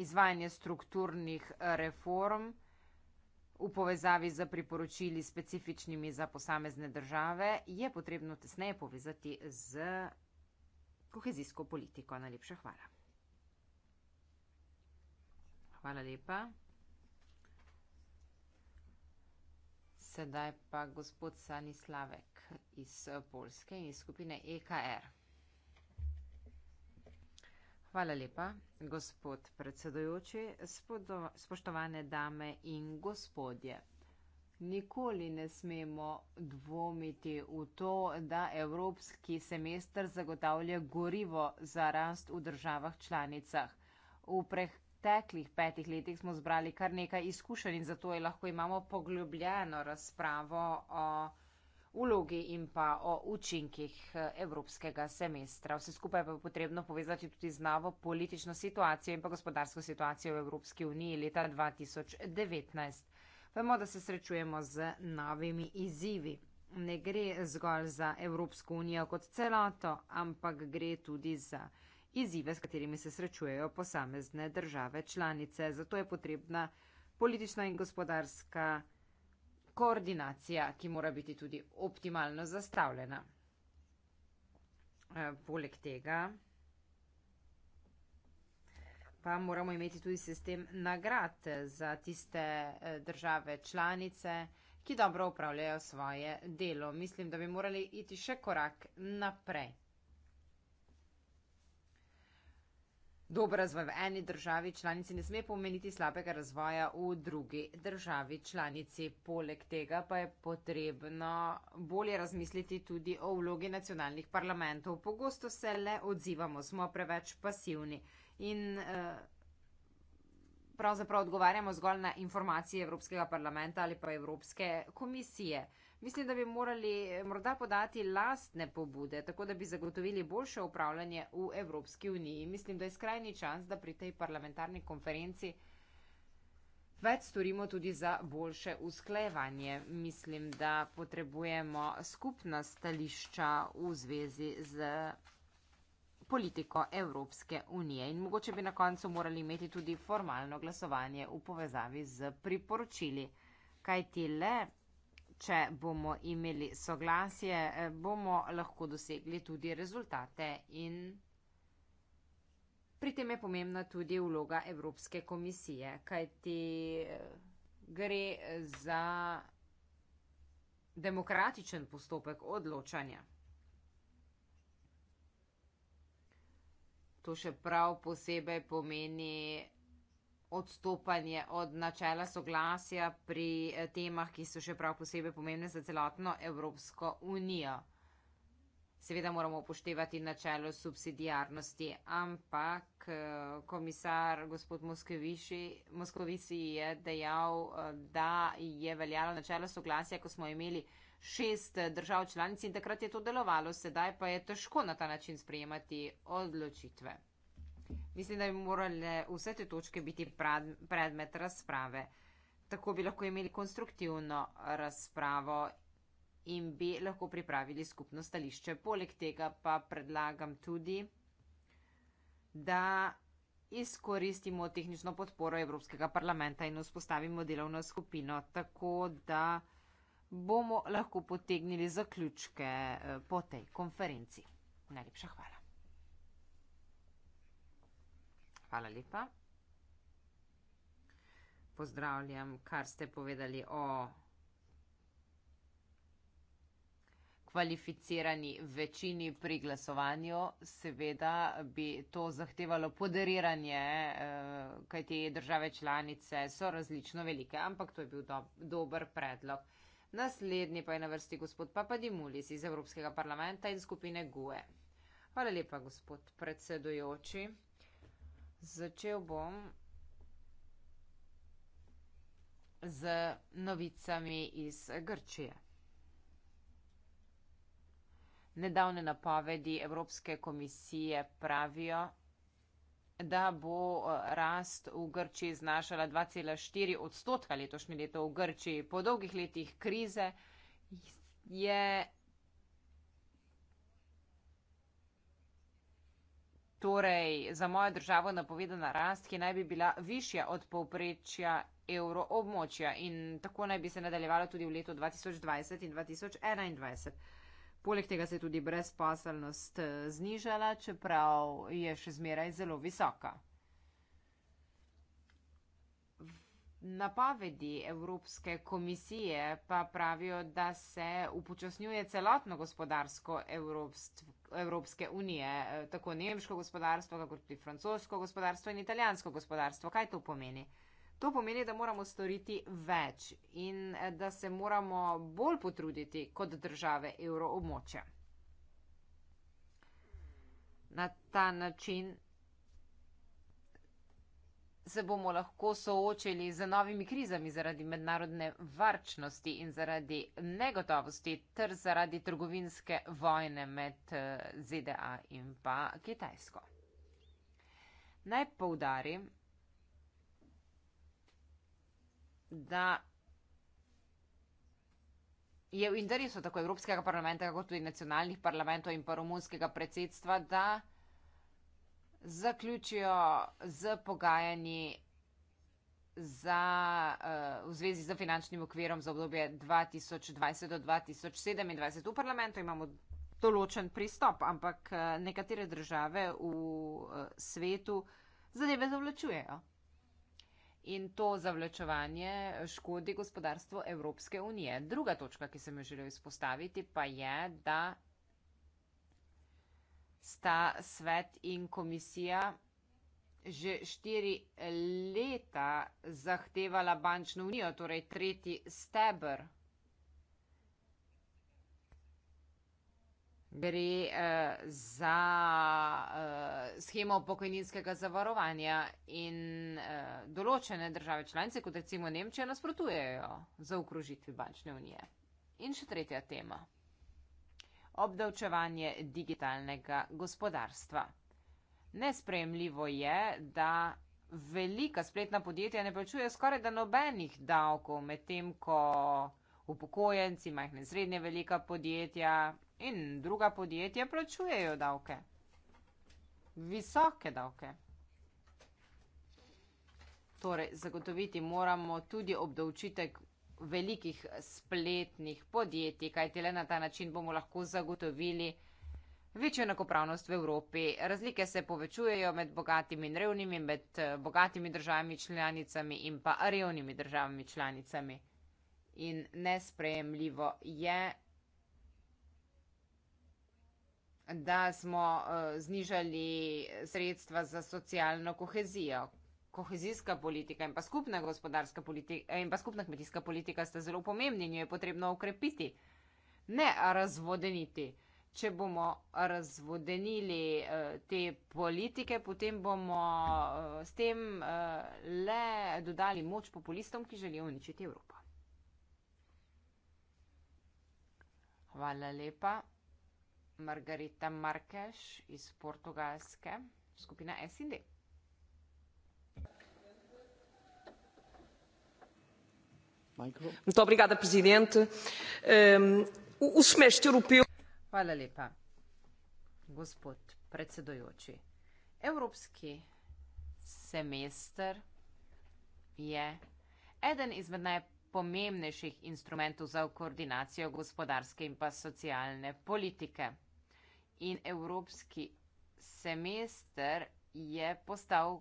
Izvajanje strukturnih eh, reform. V povezavi z priporočili specifičnimi za posamezne države je potrebno tesneje povezati z kohezijsko politiko. Najlepša hvala. Hvala lepa. Sedaj pa gospod Sani Slavek iz Polske in iz skupine EKR. Hvala lepa, gospod predsedojoči, spoštovane dame in gospodje. Nikoli ne smemo dvomiti v to, da evropski semester zagotavlja gorivo za rast v državah članicah. V preteklih petih letih smo zbrali kar nekaj izkušenj in zato je lahko imamo poglobljeno razpravo o vlogi in pa o učinkih eh, evropskega semestra. Vse skupaj pa je potrebno povezati tudi z novo politično situacijo in pa gospodarsko situacijo v Evropski uniji leta 2019. Vemo, da se srečujemo z novimi izzivi. Ne gre zgolj za Evropsko unijo kot celoto, ampak gre tudi za izzive, s katerimi se srečujejo posamezne države članice. Zato je potrebna politična in gospodarska koordinacija, ki mora biti tudi optimalno zastavljena. Eh, poleg tega pa moramo imeti tudi sistem nagrad za tiste eh, države članice, ki dobro upravljajo svoje delo. Mislim, da bi morali iti še korak naprej. Dober razvoj v eni državi članici ne sme pomeniti slabega razvoja v drugi državi članici. Poleg tega pa je potrebno bolje razmisliti tudi o vlogi nacionalnih parlamentov. Pogosto se le odzivamo, smo preveč pasivni in eh, pravzaprav odgovarjamo zgolj na informacije Evropskega parlamenta ali pa Evropske komisije. Mislim, da bi morali eh, morda podati lastne pobude, tako da bi zagotovili boljše upravljanje v Evropski uniji. Mislim, da je skrajni čas, da pri tej parlamentarni konferenci več storimo tudi za boljše usklejevanje. Mislim, da potrebujemo skupna stališča v zvezi z politiko Evropske unije in mogoče bi na koncu morali imeti tudi formalno glasovanje v povezavi z priporočili, kaj ti le če bomo imeli soglasje, eh, bomo lahko dosegli tudi rezultate in pri tem je pomembna tudi vloga Evropske komisije, kajti eh, gre za demokratičen postopek odločanja. To še prav posebej pomeni odstopanje od načela soglasja pri eh, temah, ki so še prav posebej pomembne za celotno Evropsko unijo. Seveda moramo upoštevati načelo subsidijarnosti, ampak eh, komisar gospod Moskovici je dejal, eh, da je veljalo načelo soglasja, ko smo imeli šest držav članic in takrat je to delovalo, sedaj pa je težko na ta način sprejemati odločitve. Mislim, da bi morale vse te točke biti predmet razprave. Tako bi lahko imeli konstruktivno razpravo in bi lahko pripravili skupno stališče. Poleg tega pa predlagam tudi, da izkoristimo tehnično podporo Evropskega parlamenta in vzpostavimo delovno skupino, tako da bomo lahko potegnili zaključke eh, po tej konferenci. Najlepša hvala. Hvala lepa. Pozdravljam, kar ste povedali o kvalificirani večini pri glasovanju. Seveda bi to zahtevalo poderiranje, eh, kajti države članice so različno velike, ampak to je bil dob dober predlog. Naslednji pa je na vrsti gospod Papadimulis iz Evropskega parlamenta in skupine GUE. Hvala lepa, gospod predsedujoči. Začel bom z novicami iz Grčije. Nedavne napovedi Evropske komisije pravijo, da bo eh, rast v Grčiji znašala 2,4 odstotka letošnje leto v Grčiji. Po dolgih letih krize je torej za mojo državo napovedana rast, ki naj bi bila višja od povprečja evroobmočja in tako naj bi se nadaljevalo tudi v letu 2020 in 2021. Poleg tega se je tudi brezposelnost eh, znižala, čeprav je še zmeraj zelo visoka. Napovedi Evropske komisije pa pravijo, da se upočasnjuje celotno gospodarsko evropstvo Evropske unije, eh, tako nemško gospodarstvo, kako tudi francosko gospodarstvo in italijansko gospodarstvo. Kaj to pomeni? To pomeni, da moramo storiti več in eh, da se moramo bolj potruditi kot države evroobmoče. Na ta način se bomo lahko soočili z novimi krizami zaradi mednarodne varčnosti in zaradi negotovosti ter zaradi trgovinske vojne med eh, ZDA in pa Kitajsko. Naj poudarim, da je v interesu tako Evropskega parlamenta, kako tudi nacionalnih parlamentov in pa romunskega predsedstva, da zaključijo z pogajanji za, eh, v zvezi z finančnim okvirom za obdobje 2020 do 2027. V parlamentu imamo določen pristop, ampak eh, nekatere države v eh, svetu zadeve zavlačujejo. In to zavlačevanje škodi gospodarstvo Evropske unije. Druga točka, ki sem jo želel izpostaviti, pa je, da sta svet in komisija že štiri leta zahtevala bančno unijo, torej tretji stebr. Gre eh, za eh, schemo pokojninskega zavarovanja in eh, določene države članice, kot recimo Nemčija, nasprotujejo za okrožitvi bančne unije. In še tretja tema obdavčevanje digitalnega gospodarstva. Nesprejemljivo je, da velika spletna podjetja ne plačuje skoraj da nobenih davkov, medtem ko upokojenci, majhne srednje velika podjetja in druga podjetja plačujejo davke. Visoke davke. Torej, zagotoviti moramo tudi obdavčitek velikih spletnih podjetij, kajti le na ta način bomo lahko zagotovili večjo enakopravnost v Evropi. Razlike se povečujejo med bogatimi in revnimi, med eh, bogatimi državami članicami in pa revnimi državami članicami. In nesprejemljivo je, da smo eh, znižali sredstva za socialno kohezijo, kohezijska politika in pa skupna gospodarska politika eh, in pa skupna kmetijska politika sta zelo pomembni in jo je potrebno ukrepiti, ne razvodeniti. Če bomo razvodenili eh, te politike, potem bomo eh, s tem le dodali moč populistom, ki želijo uničiti Evropo. Hvala lepa. Margarita Markeš iz Portugalske, skupina SND. Ehm, gospod predsedujoči evropski semester je eden izmed najpomembnejših instrumentov za koordinacijo gospodarske in pa socialne politike in evropski semester je postal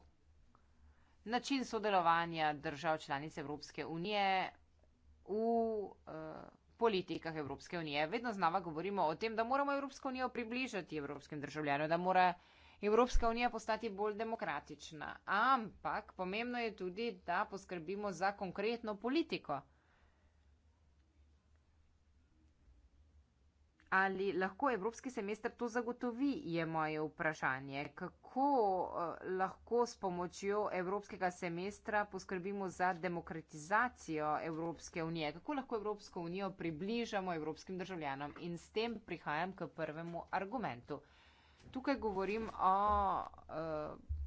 način sodelovanja držav članic evropske unije v uh, politikah Evropske unije. Vedno znava govorimo o tem, da moramo Evropsko unijo približati evropskim državljanom, da mora Evropska unija postati bolj demokratična. Ampak pomembno je tudi, da poskrbimo za konkretno politiko. Ali lahko Evropski semester to zagotovi, je moje vprašanje. Kako eh, lahko s pomočjo Evropskega semestra poskrbimo za demokratizacijo Evropske unije? Kako lahko Evropsko unijo približamo evropskim državljanom? In s tem prihajam k prvemu argumentu. Tukaj govorim o. Uh,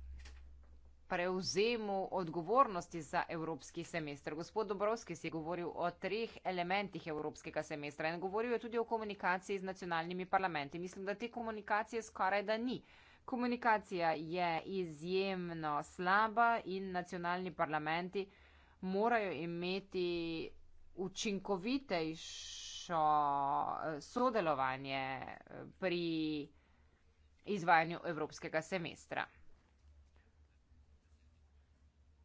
prevzemu odgovornosti za evropski semester. Gospod Dobrovski si je govoril o treh elementih evropskega semestra in govoril je tudi o komunikaciji z nacionalnimi parlamenti. Mislim, da te komunikacije skoraj da ni. Komunikacija je izjemno slaba in nacionalni parlamenti morajo imeti učinkovitejšo eh, sodelovanje eh, pri izvajanju evropskega semestra.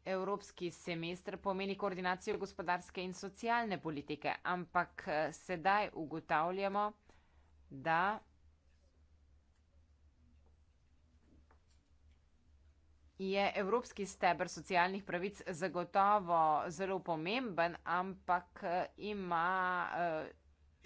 Evropski semestr pomeni koordinacijo gospodarske in socialne politike, ampak eh, sedaj ugotavljamo, da je Evropski steber socialnih pravic zagotovo zelo pomemben, ampak eh, ima eh,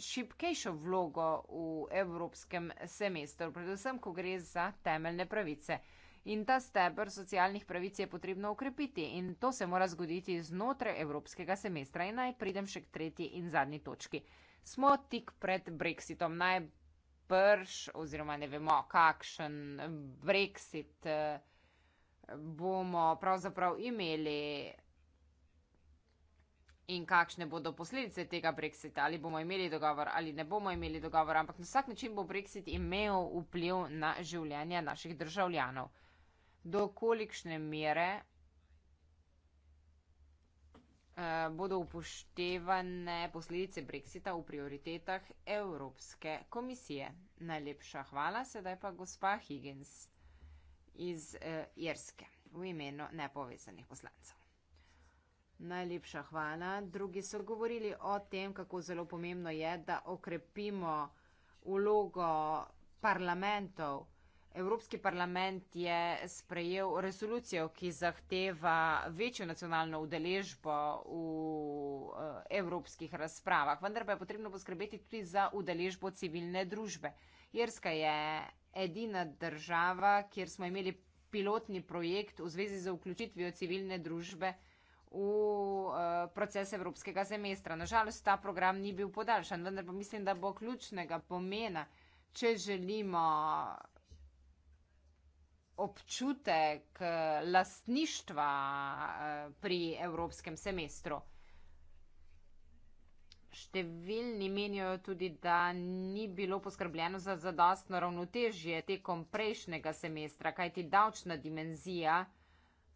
šipkejšo vlogo v Evropskem semestru, predvsem, ko gre za temeljne pravice. In ta stebr socialnih pravic je potrebno ukrepiti in to se mora zgoditi znotraj evropskega semestra. In naj pridem še k tretji in zadnji točki. Smo tik pred Brexitom. Najbrž, oziroma ne vemo, kakšen Brexit eh, bomo pravzaprav imeli in kakšne bodo posledice tega Brexita. Ali bomo imeli dogovor ali ne bomo imeli dogovor, ampak na vsak način bo Brexit imel vpliv na življenje naših državljanov do kolikšne mere eh, bodo upoštevane posledice brexita v prioritetah Evropske komisije. Najlepša hvala, sedaj pa gospa Higgins iz eh, Irske v imenu nepovezanih poslancev. Najlepša hvala. Drugi so govorili o tem, kako zelo pomembno je, da okrepimo ulogo parlamentov Evropski parlament je sprejel resolucijo, ki zahteva večjo nacionalno udeležbo v eh, evropskih razpravah, vendar pa je potrebno poskrbeti tudi za udeležbo civilne družbe. Irska je edina država, kjer smo imeli pilotni projekt v zvezi z vključitvijo civilne družbe v eh, proces evropskega semestra. Nažalost, ta program ni bil podaljšan, vendar pa mislim, da bo ključnega pomena, če želimo občutek eh, lastništva eh, pri evropskem semestru. Številni menijo tudi, da ni bilo poskrbljeno za zadostno ravnotežje tekom prejšnjega semestra, kajti davčna dimenzija,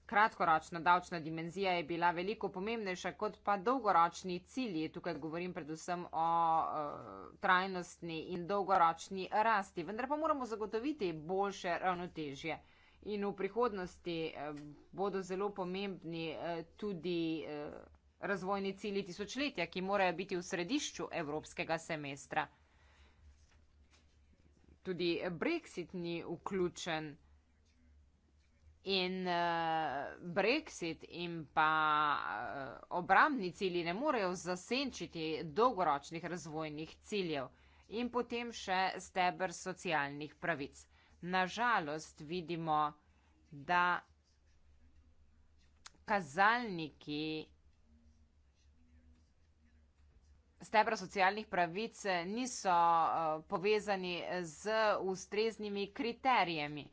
kratkoročna davčna dimenzija je bila veliko pomembnejša kot pa dolgoročni cilji. Tukaj govorim predvsem o uh, trajnostni in dolgoročni rasti, vendar pa moramo zagotoviti boljše ravnotežje in v prihodnosti eh, bodo zelo pomembni eh, tudi eh, razvojni cilji tisočletja, ki morajo biti v središču evropskega semestra. Tudi Brexit ni vključen in Brexit in pa obramni cilji ne morejo zasenčiti dolgoročnih razvojnih ciljev in potem še steber socialnih pravic nažalost vidimo, da kazalniki stebra socialnih pravic niso eh, povezani z ustreznimi kriterijami.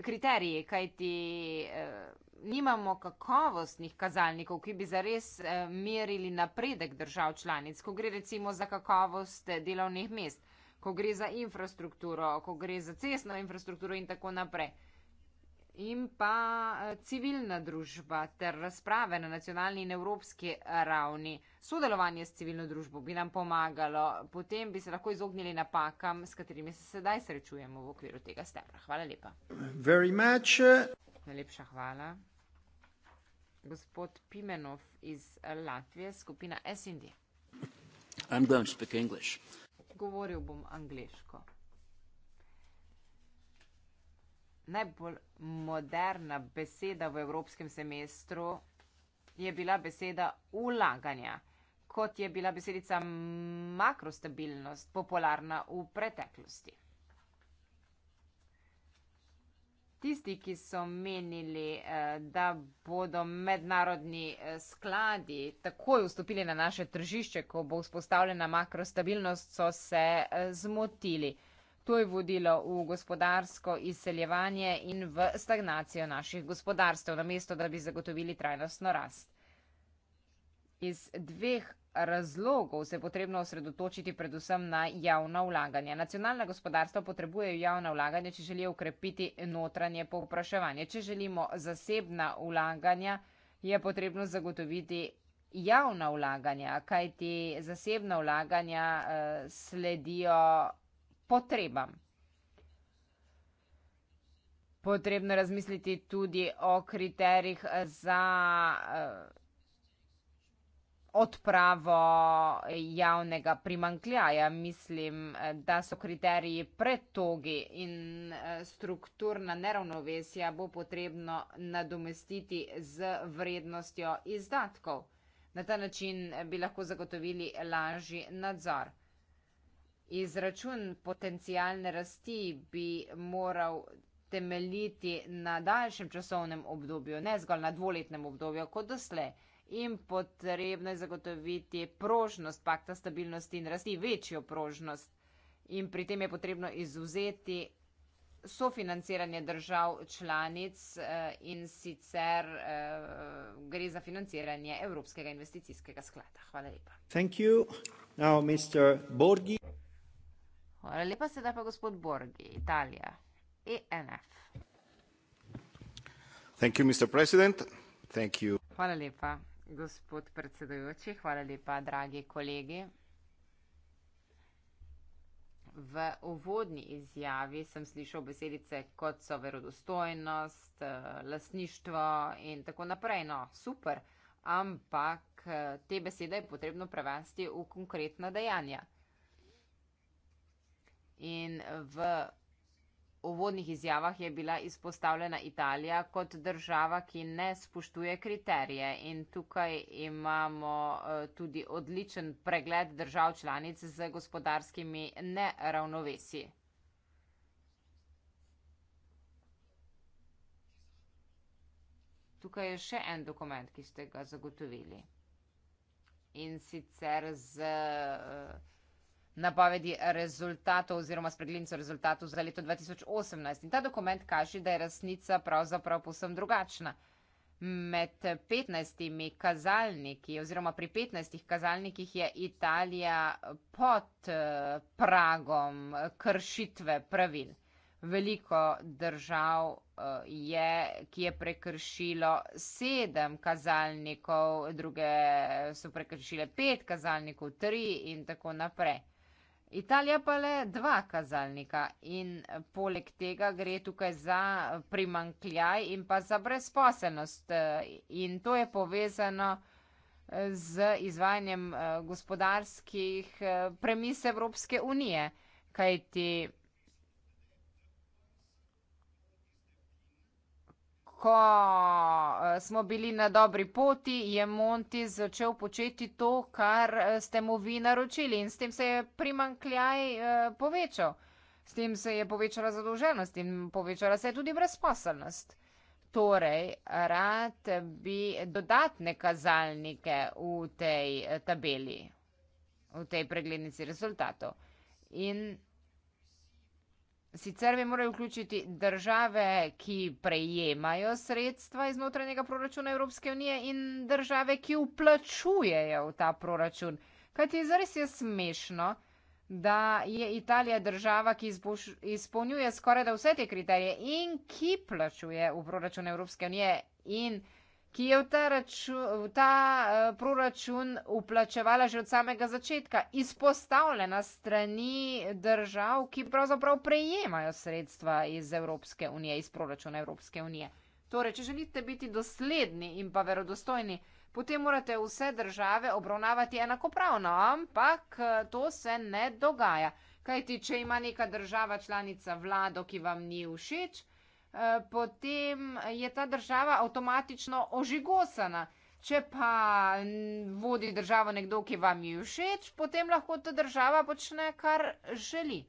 Kriteriji, kajti eh, nimamo kakovostnih kazalnikov, ki bi zares eh, merili napredek držav članic, ko gre recimo za kakovost delovnih mest ko gre za infrastrukturo, ko gre za cestno infrastrukturo in tako naprej. In pa eh, civilna družba ter razprave na nacionalni in evropski ravni. Sodelovanje s civilno družbo bi nam pomagalo, potem bi se lahko izognili napakam, s katerimi se sedaj srečujemo v okviru tega stebra. Hvala lepa. Najlepša hvala. Gospod Pimenov iz Latvije, skupina SND odgovoril bom angliško. Najbolj moderna beseda v evropskem semestru je bila beseda ulaganja, kot je bila besedica makrostabilnost popularna v preteklosti. Tisti, ki so menili, eh, da bodo mednarodni eh, skladi takoj vstopili na naše tržišče, ko bo vzpostavljena makrostabilnost, so se eh, zmotili. To je vodilo v gospodarsko izseljevanje in v stagnacijo naših gospodarstev, namesto da bi zagotovili trajnostno rast. Iz dveh razlogov se je potrebno osredotočiti predvsem na javna vlaganja. Nacionalna gospodarstva potrebujejo javna vlaganja, če želijo ukrepiti notranje povpraševanje. Če želimo zasebna vlaganja, je potrebno zagotoviti javna vlaganja, kajti zasebna vlaganja uh, sledijo potrebam. Potrebno je razmisliti tudi o kriterijih za. Uh, odpravo javnega primankljaja. Mislim, da so kriteriji pretogi in eh, strukturna neravnovesja bo potrebno nadomestiti z vrednostjo izdatkov. Na ta način eh, bi lahko zagotovili lažji nadzor. Izračun potencijalne rasti bi moral temeljiti na daljšem časovnem obdobju, ne zgolj na dvoletnem obdobju kot doslej in potrebno je zagotoviti prožnost pakta stabilnosti in rasti, večjo prožnost. In pri tem je potrebno izuzeti sofinanciranje držav članic eh, in sicer eh, gre za financiranje Evropskega investicijskega sklada. Hvala lepa. Hvala lepa, sedaj pa gospod Borgi, Italija, ENF. Thank you, Mr. President. Thank you. Hvala lepa gospod predsedujoči, hvala lepa, dragi kolegi. V uvodni izjavi sem slišal besedice kot so verodostojnost, eh, lasništvo in tako naprej. No, super, ampak eh, te besede je potrebno prevesti v konkretna dejanja. In v uvodnih izjavah je bila izpostavljena Italija kot država, ki ne spoštuje kriterije. In tukaj imamo eh, tudi odličen pregled držav članic z gospodarskimi neravnovesji. Tukaj je še en dokument, ki ste ga zagotovili. In sicer z uh, napovedi rezultatov oziroma spreglednico rezultatov za leto 2018. In ta dokument kaže, da je resnica pravzaprav povsem drugačna. Med 15 kazalniki oziroma pri 15 kazalnikih je Italija pod eh, pragom eh, kršitve pravil. Veliko držav eh, je, ki je prekršilo sedem kazalnikov, druge so prekršile pet kazalnikov, tri in tako naprej. Italija pa le dva kazalnika in eh, poleg tega gre tukaj za primankljaj in pa za brezposelnost. Eh, in to je povezano eh, z izvajanjem gospodarskih premis Evropske unije, kajti ko uh, smo bili na dobri poti, je Monti začel početi to, kar uh, ste mu vi naročili in s tem se je primankljaj uh, povečal. S tem se je povečala zadolženost in povečala se je tudi brezposelnost. Torej, rad bi dodatne kazalnike v tej tabeli, v tej preglednici rezultatov. In Sicer bi morali vključiti države, ki prejemajo sredstva iz notranjega proračuna Evropske unije in države, ki vplačujejo v ta proračun. Kajti zares je smešno, da je Italija država, ki izboš, izpolnjuje skoraj da vse te kriterije in ki plačuje v proračun Evropske unije in ki je v ta, račun, v ta uh, proračun uplačevala že od samega začetka, izpostavljena strani držav, ki pravzaprav prejemajo sredstva iz Evropske unije, iz proračuna Evropske unije. Torej, če želite biti dosledni in pa verodostojni, potem morate vse države obravnavati enakopravno, ampak eh, to se ne dogaja. Kajti, če ima neka država članica vlado, ki vam ni všeč, Eh, potem je ta država avtomatično ožigosana. Če pa vodi državo nekdo, ki vam je všeč, potem lahko ta država počne, kar želi.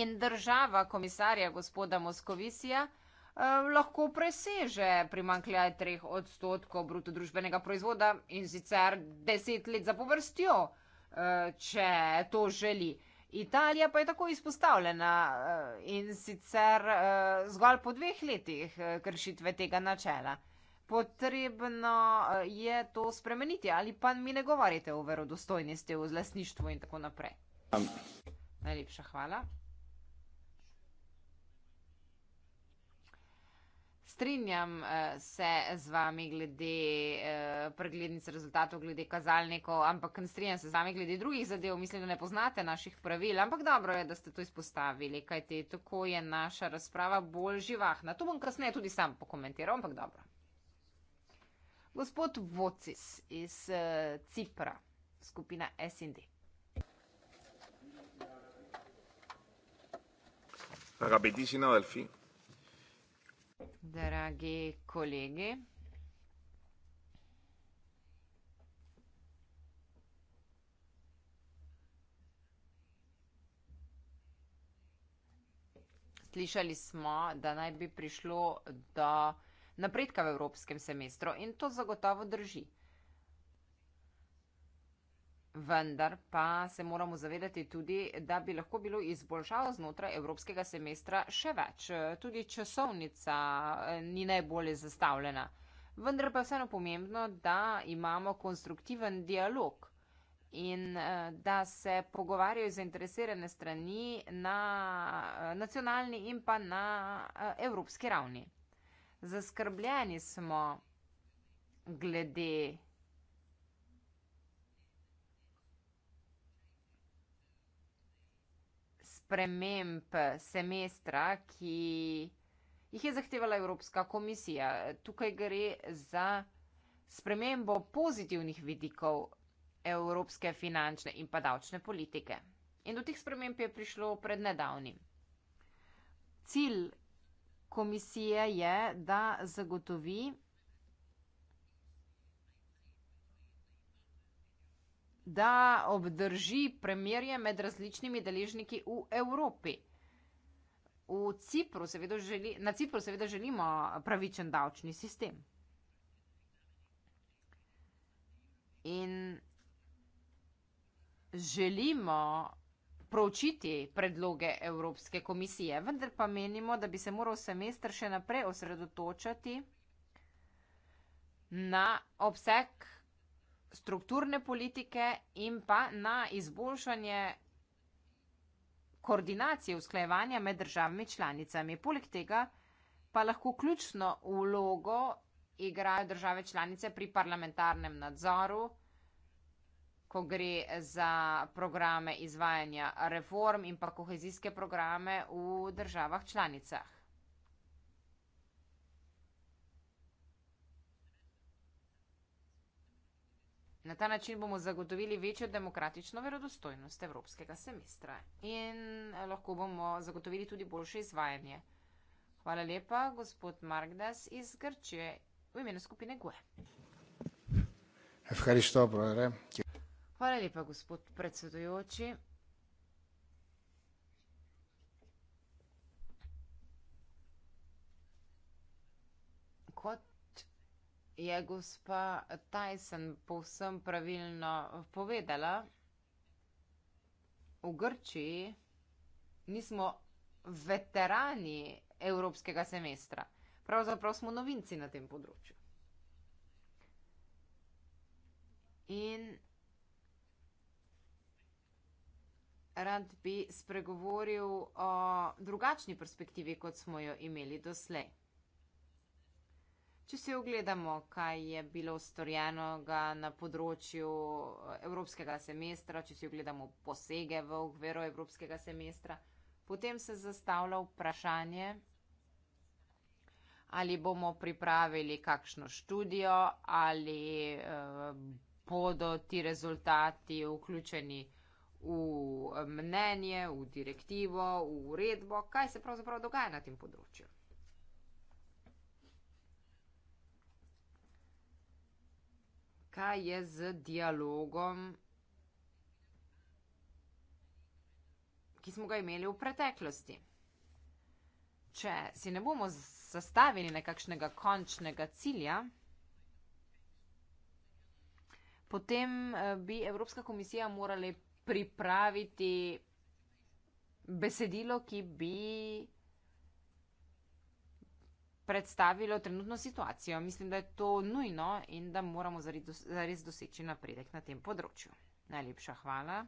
In država komisarja gospoda Moskovisija eh, lahko preseže primankljaj treh odstotkov bruto družbenega proizvoda in sicer deset let zapovrstjo, eh, če to želi. Italija pa je tako izpostavljena eh, in sicer eh, zgolj po dveh letih eh, kršitve tega načela. Potrebno je to spremeniti ali pa mi ne govorite o verodostojnosti, o lasništvu in tako naprej. Najlepša hvala. strinjam uh, se z vami glede uh, preglednic rezultatov, glede kazalnikov, ampak ne strinjam se z vami glede drugih zadev. Mislim, da ne poznate naših pravil, ampak dobro je, da ste to izpostavili, kajti tako je naša razprava bolj živahna. To bom kasneje tudi sam pokomentiral, ampak dobro. Gospod Vocis iz uh, Cipra, skupina SND. Rapidísima, Delfín. Dragi kolegi, slišali smo, da naj bi prišlo do napredka v evropskem semestru in to zagotovo drži. Vendar pa se moramo zavedati tudi, da bi lahko bilo izboljšalo znotraj evropskega semestra še več. Tudi časovnica eh, ni najbolje zastavljena. Vendar pa je vseeno pomembno, da imamo konstruktiven dialog in eh, da se pogovarjajo zainteresirane strani na eh, nacionalni in pa na evropski ravni. Zaskrbljeni smo glede sprememb semestra, ki jih je zahtevala Evropska komisija. Tukaj gre za spremembo pozitivnih vidikov evropske finančne in pa davčne politike. In do teh sprememb je prišlo pred nedavnim. Cilj komisije je, da zagotovi da obdrži premirje med različnimi deležniki v Evropi. V Cipru želi, na Cipru seveda želimo pravičen davčni sistem. In želimo proučiti predloge Evropske komisije, vendar pa menimo, da bi se moral semester še naprej osredotočati na obseg strukturne politike in pa na izboljšanje koordinacije usklajevanja med državami članicami. Poleg tega pa lahko ključno vlogo igrajo države članice pri parlamentarnem nadzoru, ko gre za programe izvajanja reform in pa kohezijske programe v državah članicah. Na ta način bomo zagotovili večjo demokratično verodostojnost evropskega semestra in eh, lahko bomo zagotovili tudi boljše izvajanje. Hvala lepa, gospod Markdas iz Grčije v imenu skupine GUE. Hvala lepa, gospod predsedujoči. je gospa Tyson povsem pravilno povedala, v Grčiji nismo veterani evropskega semestra. Pravzaprav smo novinci na tem področju. In rad bi spregovoril o drugačni perspektivi, kot smo jo imeli doslej. Če si ogledamo, kaj je bilo storjeno na področju evropskega semestra, če si ogledamo posege v okviru evropskega semestra, potem se zastavlja vprašanje, ali bomo pripravili kakšno študijo, ali eh, bodo ti rezultati vključeni v mnenje, v direktivo, v uredbo, kaj se pravzaprav dogaja na tem področju. kaj je z dialogom, ki smo ga imeli v preteklosti. Če si ne bomo zastavili nekakšnega končnega cilja, potem eh, bi Evropska komisija morali pripraviti besedilo, ki bi predstavilo trenutno situacijo. Mislim, da je to nujno in da moramo zares doseči napredek na tem področju. Najlepša hvala.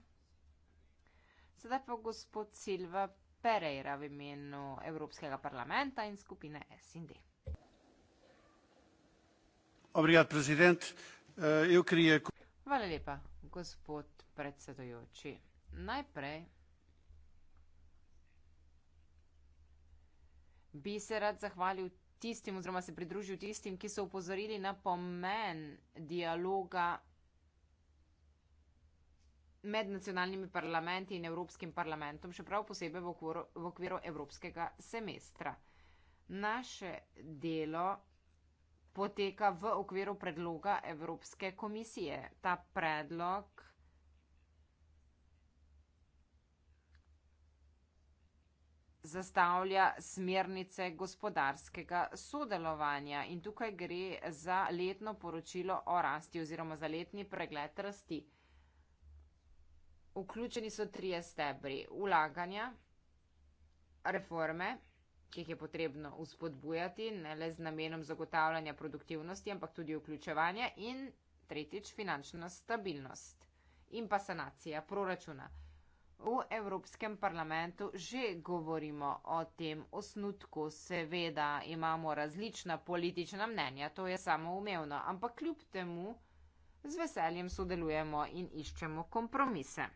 Sedaj pa gospod Silva Pereira v imenu Evropskega parlamenta in skupine SND. Obrigado, prezident. Uh, eh, krije... Hvala lepa, gospod predsedojoči. Najprej bi se rad zahvalil tistim, oziroma se pridružil tistim, ki so upozorili na pomen dialoga med nacionalnimi parlamenti in Evropskim parlamentom, še prav posebej v okviru, v okviru Evropskega semestra. Naše delo poteka v okviru predloga Evropske komisije. Ta predlog zastavlja smernice gospodarskega sodelovanja in tukaj gre za letno poročilo o rasti oziroma za letni pregled rasti. Vključeni so trije stebri ulaganja, reforme, ki jih je potrebno uspodbujati, ne le z namenom zagotavljanja produktivnosti, ampak tudi vključevanja in tretjič finančna stabilnost in pa sanacija proračuna. V Evropskem parlamentu že govorimo o tem osnutku, seveda imamo različna politična mnenja, to je samoumevno, ampak kljub temu z veseljem sodelujemo in iščemo kompromise.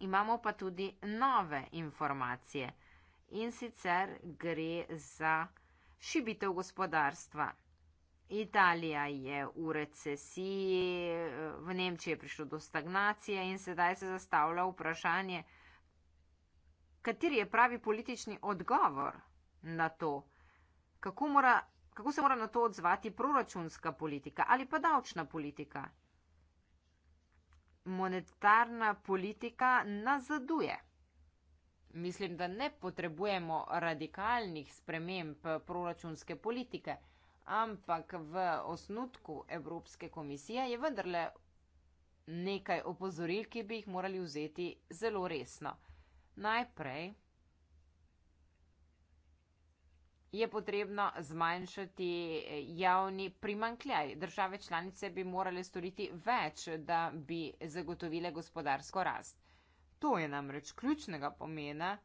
Imamo pa tudi nove informacije in sicer gre za šibitev gospodarstva. Italija je v recesiji, v Nemčiji je prišlo do stagnacije in sedaj se zastavlja vprašanje, kateri je pravi politični odgovor na to, kako, mora, kako se mora na to odzvati proračunska politika ali pa davčna politika. Monetarna politika nazaduje. Mislim, da ne potrebujemo radikalnih sprememb proračunske politike ampak v osnutku Evropske komisije je vendarle nekaj opozoril, ki bi jih morali vzeti zelo resno. Najprej je potrebno zmanjšati javni primankljaj. Države članice bi morale storiti več, da bi zagotovile gospodarsko rast. To je namreč ključnega pomena,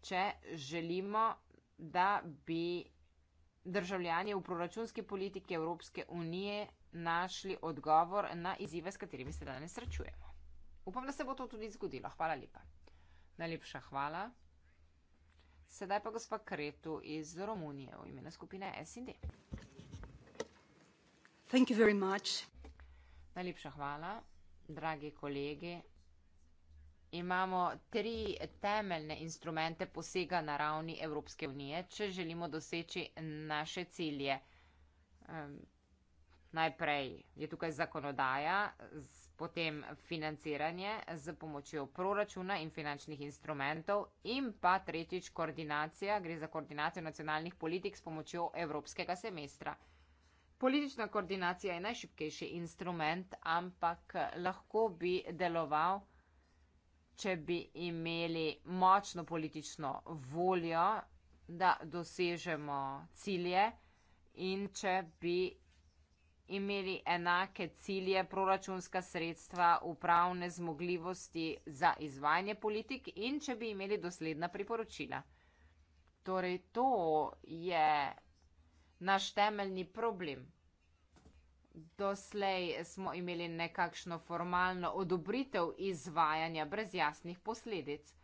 če želimo, da bi državljani v proračunski politiki Evropske unije našli odgovor na izzive, s katerimi se danes srečujemo. Upam, da se bo to tudi zgodilo. Hvala lepa. Najlepša hvala. Sedaj pa gospa Kretu iz Romunije v imenu skupine SND. Najlepša hvala, dragi kolegi imamo tri temeljne instrumente posega na ravni Evropske unije, če želimo doseči naše cilje. Um, najprej je tukaj zakonodaja, z, potem financiranje z pomočjo proračuna in finančnih instrumentov in pa tretjič koordinacija, gre za koordinacijo nacionalnih politik s pomočjo Evropskega semestra. Politična koordinacija je najšipkejši instrument, ampak lahko bi deloval če bi imeli močno politično voljo, da dosežemo cilje in če bi imeli enake cilje, proračunska sredstva, upravne zmogljivosti za izvajanje politik in če bi imeli dosledna priporočila. Torej, to je naš temeljni problem doslej smo imeli nekakšno formalno odobritev izvajanja brez jasnih posledic.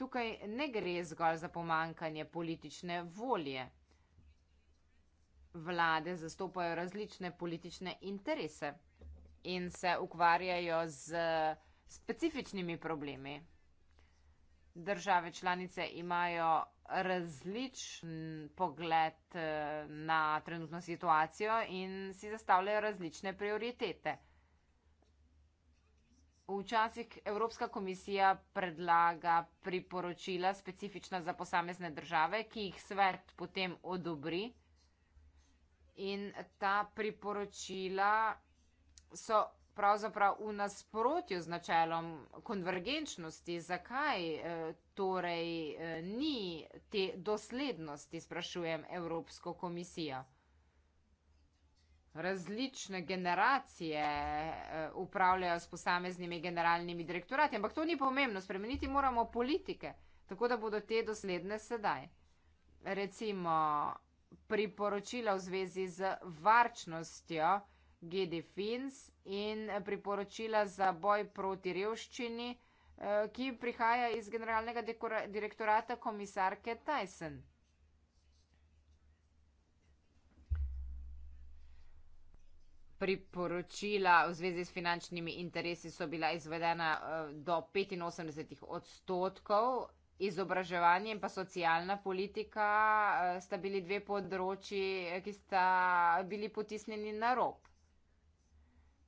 Tukaj ne gre zgolj za pomankanje politične volje. Vlade zastopajo različne politične interese in se ukvarjajo z specifičnimi problemi. Države članice imajo različen pogled eh, na trenutno situacijo in si zastavljajo različne prioritete. Včasih Evropska komisija predlaga priporočila specifična za posamezne države, ki jih svet potem odobri. In ta priporočila so pravzaprav v nasprotju z načelom konvergenčnosti. Zakaj eh, torej eh, ni te doslednosti, sprašujem Evropsko komisijo. Različne generacije eh, upravljajo s posameznimi generalnimi direktorati, ampak to ni pomembno, spremeniti moramo politike, tako da bodo te dosledne sedaj. Recimo priporočila v zvezi z varčnostjo GDFINS in priporočila za boj proti revščini. Eh, ki prihaja iz generalnega direktorata komisarke Tyson. Priporočila v zvezi s finančnimi interesi so bila izvedena eh, do 85 odstotkov, izobraževanje in pa socialna politika eh, sta bili dve področji, ki sta bili potisnjeni na rob.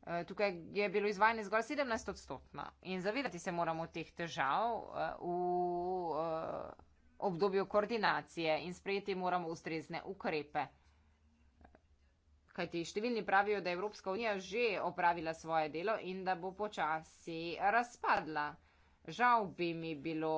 Eh, tukaj je bilo izvajanje zgolj 17 odstotno in zavedati se moramo teh težav eh, v eh, obdobju koordinacije in sprejeti moramo ustrezne ukrepe. Kajti številni pravijo, da je Evropska unija že opravila svoje delo in da bo počasi razpadla. Žal bi mi bilo,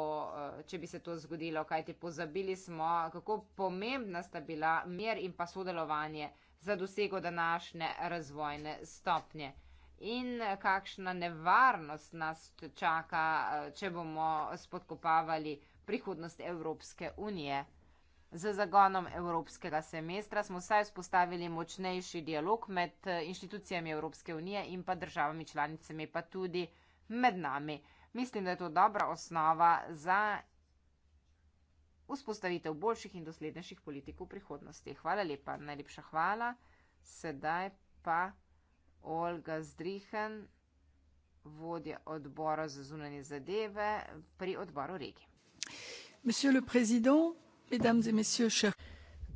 če bi se to zgodilo, kajti pozabili smo, kako pomembna sta bila mir in pa sodelovanje za dosego današnje razvojne stopnje. In eh, kakšna nevarnost nas čaka, eh, če bomo spodkopavali prihodnost Evropske unije. Z zagonom Evropskega semestra smo saj vzpostavili močnejši dialog med eh, inštitucijami Evropske unije in pa državami članicami, pa tudi med nami. Mislim, da je to dobra osnova za vzpostavitev boljših in doslednejših politik v prihodnosti. Hvala lepa, najlepša hvala. Sedaj pa Olga Zdrihen, vodja odbora za zunanje zadeve pri odboru regi.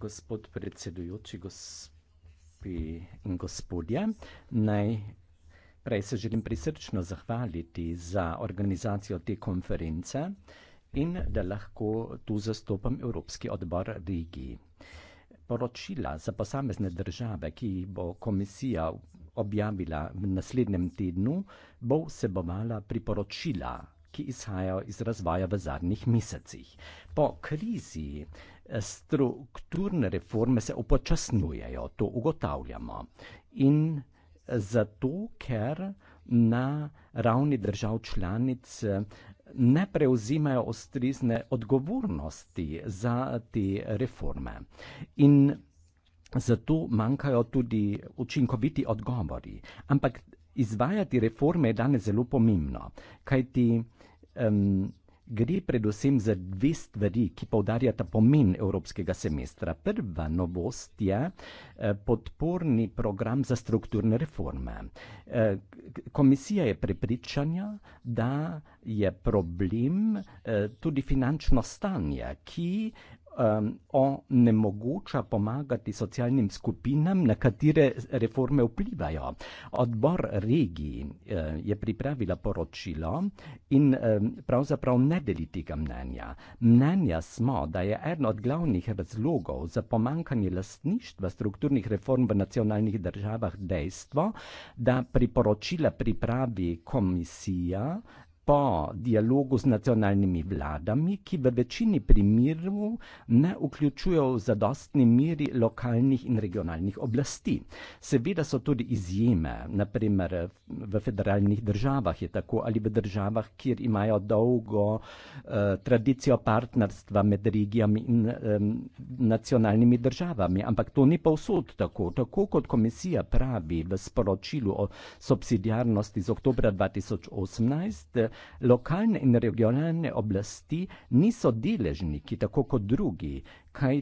Gospod predsedujoči, gospi in gospodje, naj prej se želim prisrčno zahvaliti za organizacijo te konference in da lahko tu zastopam Evropski odbor regiji. Poročila za posamezne države, ki jih bo komisija objavila v naslednjem tednu, bo vsebovala priporočila, ki izhajajo iz razvoja v zadnjih mesecih. Po krizi eh, strukturne reforme se upočasnjujejo, to ugotavljamo. In eh, zato, ker na ravni držav članic eh, ne prevzimajo ustrezne odgovornosti za te reforme. In zato manjkajo tudi učinkoviti odgovori. Ampak izvajati reforme je danes zelo pomembno, kajti um, Gre predvsem za dve stvari, ki povdarjata pomen evropskega semestra. Prva novost je eh, podporni program za strukturne reforme. Eh, komisija je prepričanja, da je problem eh, tudi finančno stanje, ki um, onemogoča pomagati socialnim skupinam, na katere reforme vplivajo. Odbor regiji uh, eh, je pripravila poročilo in um, pravzaprav ne deliti ga mnenja. Mnenja smo, da je eden od glavnih razlogov za pomankanje lastništva strukturnih reform v nacionalnih državah dejstvo, da priporočila pripravi komisija po dialogu z nacionalnimi vladami, ki v večini primerov ne vključujejo v zadostni meri lokalnih in regionalnih oblasti. Seveda so tudi izjeme, naprimer v federalnih državah je tako ali v državah, kjer imajo dolgo eh, tradicijo partnerstva med regijami in eh, nacionalnimi državami, ampak to ni povsod tako. Tako kot komisija pravi v sporočilu o subsidijarnosti iz oktobra 2018, lokalne in regionalne oblasti niso deležniki, tako kot drugi, kaj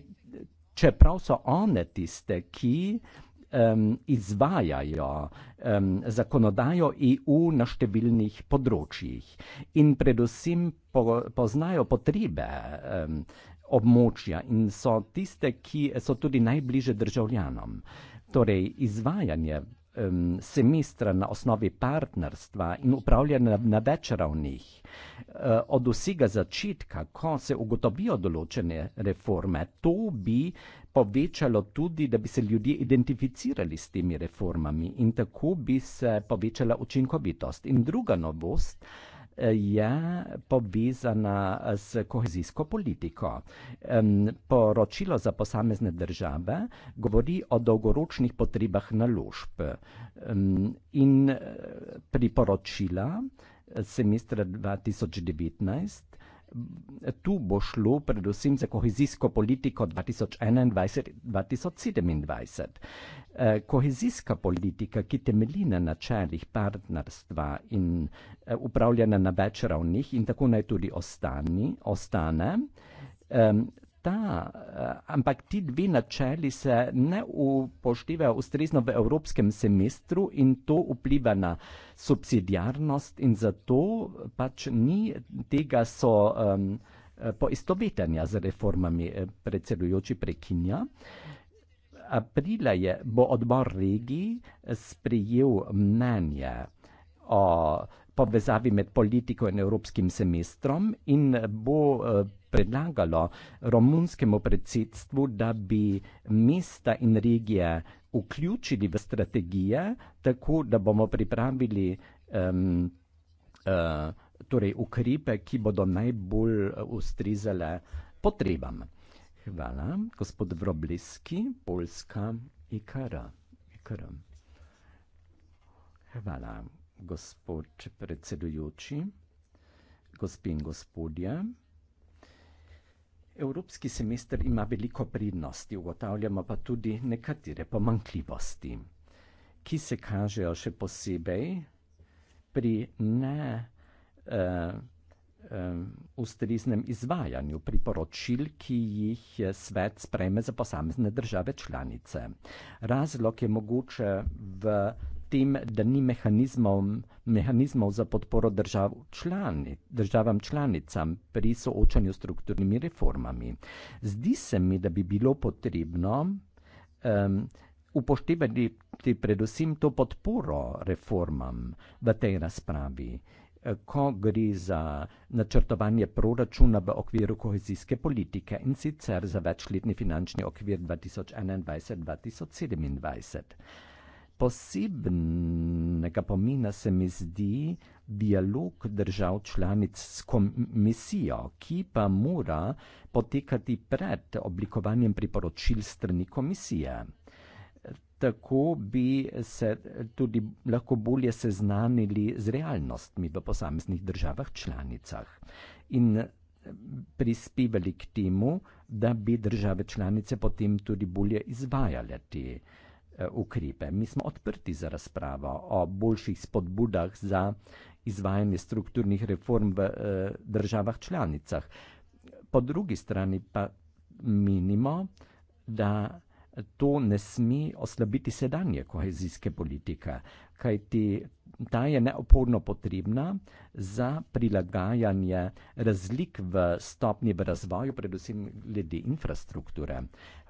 čeprav so one tiste, ki um, izvajajo um, zakonodajo EU na številnih področjih in predvsem po, poznajo potrebe. Um, Območja in so tiste, ki so tudi najbliže državljanom. Torej, izvajanje um, semestra na osnovi partnerstva in upravlja na, na več ravnih. Uh, od vsega začetka, ko se ugotovijo določene reforme, to bi povečalo tudi, da bi se ljudje identificirali s temi reformami in tako bi se povečala učinkovitost. In druga novost je povezana s kohezijsko politiko. Poročilo za posamezne države govori o dolgoročnih potrebah naložb in eh, priporočila semestra 2019 Tu bo šlo predvsem za kohezijsko politiko 2021-2027. Eh, kohezijska politika, ki temelji na načelih partnerstva in eh, upravljanja na več ravnih, in tako naj tudi ostani, ostane, Da, eh, ampak ti dve načeli se ne upoštevajo ustrezno v evropskem semestru in to vpliva na subsidijarnost in zato pač ni tega so um, poistovetanja z reformami eh, predsedujoči prekinja. Aprila je bo odbor regij sprejel mnenje o povezavi med politiko in evropskim semestrom in bo predlagalo romunskemu predsedstvu, da bi mesta in regije vključili v strategije, tako da bomo pripravili um, uh, torej ukrepe, ki bodo najbolj eh, ustrezale potrebam. Hvala, gospod Vrobliski, Poljska IKR. IKR. Hvala, gospod predsedujoči, gospod in gospodje. Evropski semester ima veliko prednosti, ugotavljamo pa tudi nekatere pomankljivosti, ki se kažejo še posebej pri ne uh, um, ustreznem izvajanju priporočil, ki jih svet sprejme za posamezne države članice. Razlog je mogoče v tem, da ni mehanizmov, mehanizmov za podporo držav člani, državam članicam pri soočanju s strukturnimi reformami. Zdi se mi, da bi bilo potrebno um, upoštevati predvsem to podporo reformam v tej razpravi. E, ko gre za načrtovanje proračuna v okviru kohezijske politike in sicer za večletni finančni okvir 2021-2027 posebnega pomena se mi zdi dialog držav članic s komisijo, ki pa mora potekati pred oblikovanjem priporočil strani komisije. Tako bi se tudi lahko bolje seznanili z realnostmi v posameznih državah članicah in eh, prispevali k temu, da bi države članice potem tudi bolje izvajale te. Eh, ukrepe. Mi smo odprti za razpravo o boljših spodbudah za izvajanje strukturnih reform v eh, državah članicah. Po drugi strani pa menimo, da to ne sme oslabiti sedanje kohezijske politike, kajti ta je neoporno potrebna za prilagajanje razlik v stopni v razvoju, predvsem glede infrastrukture.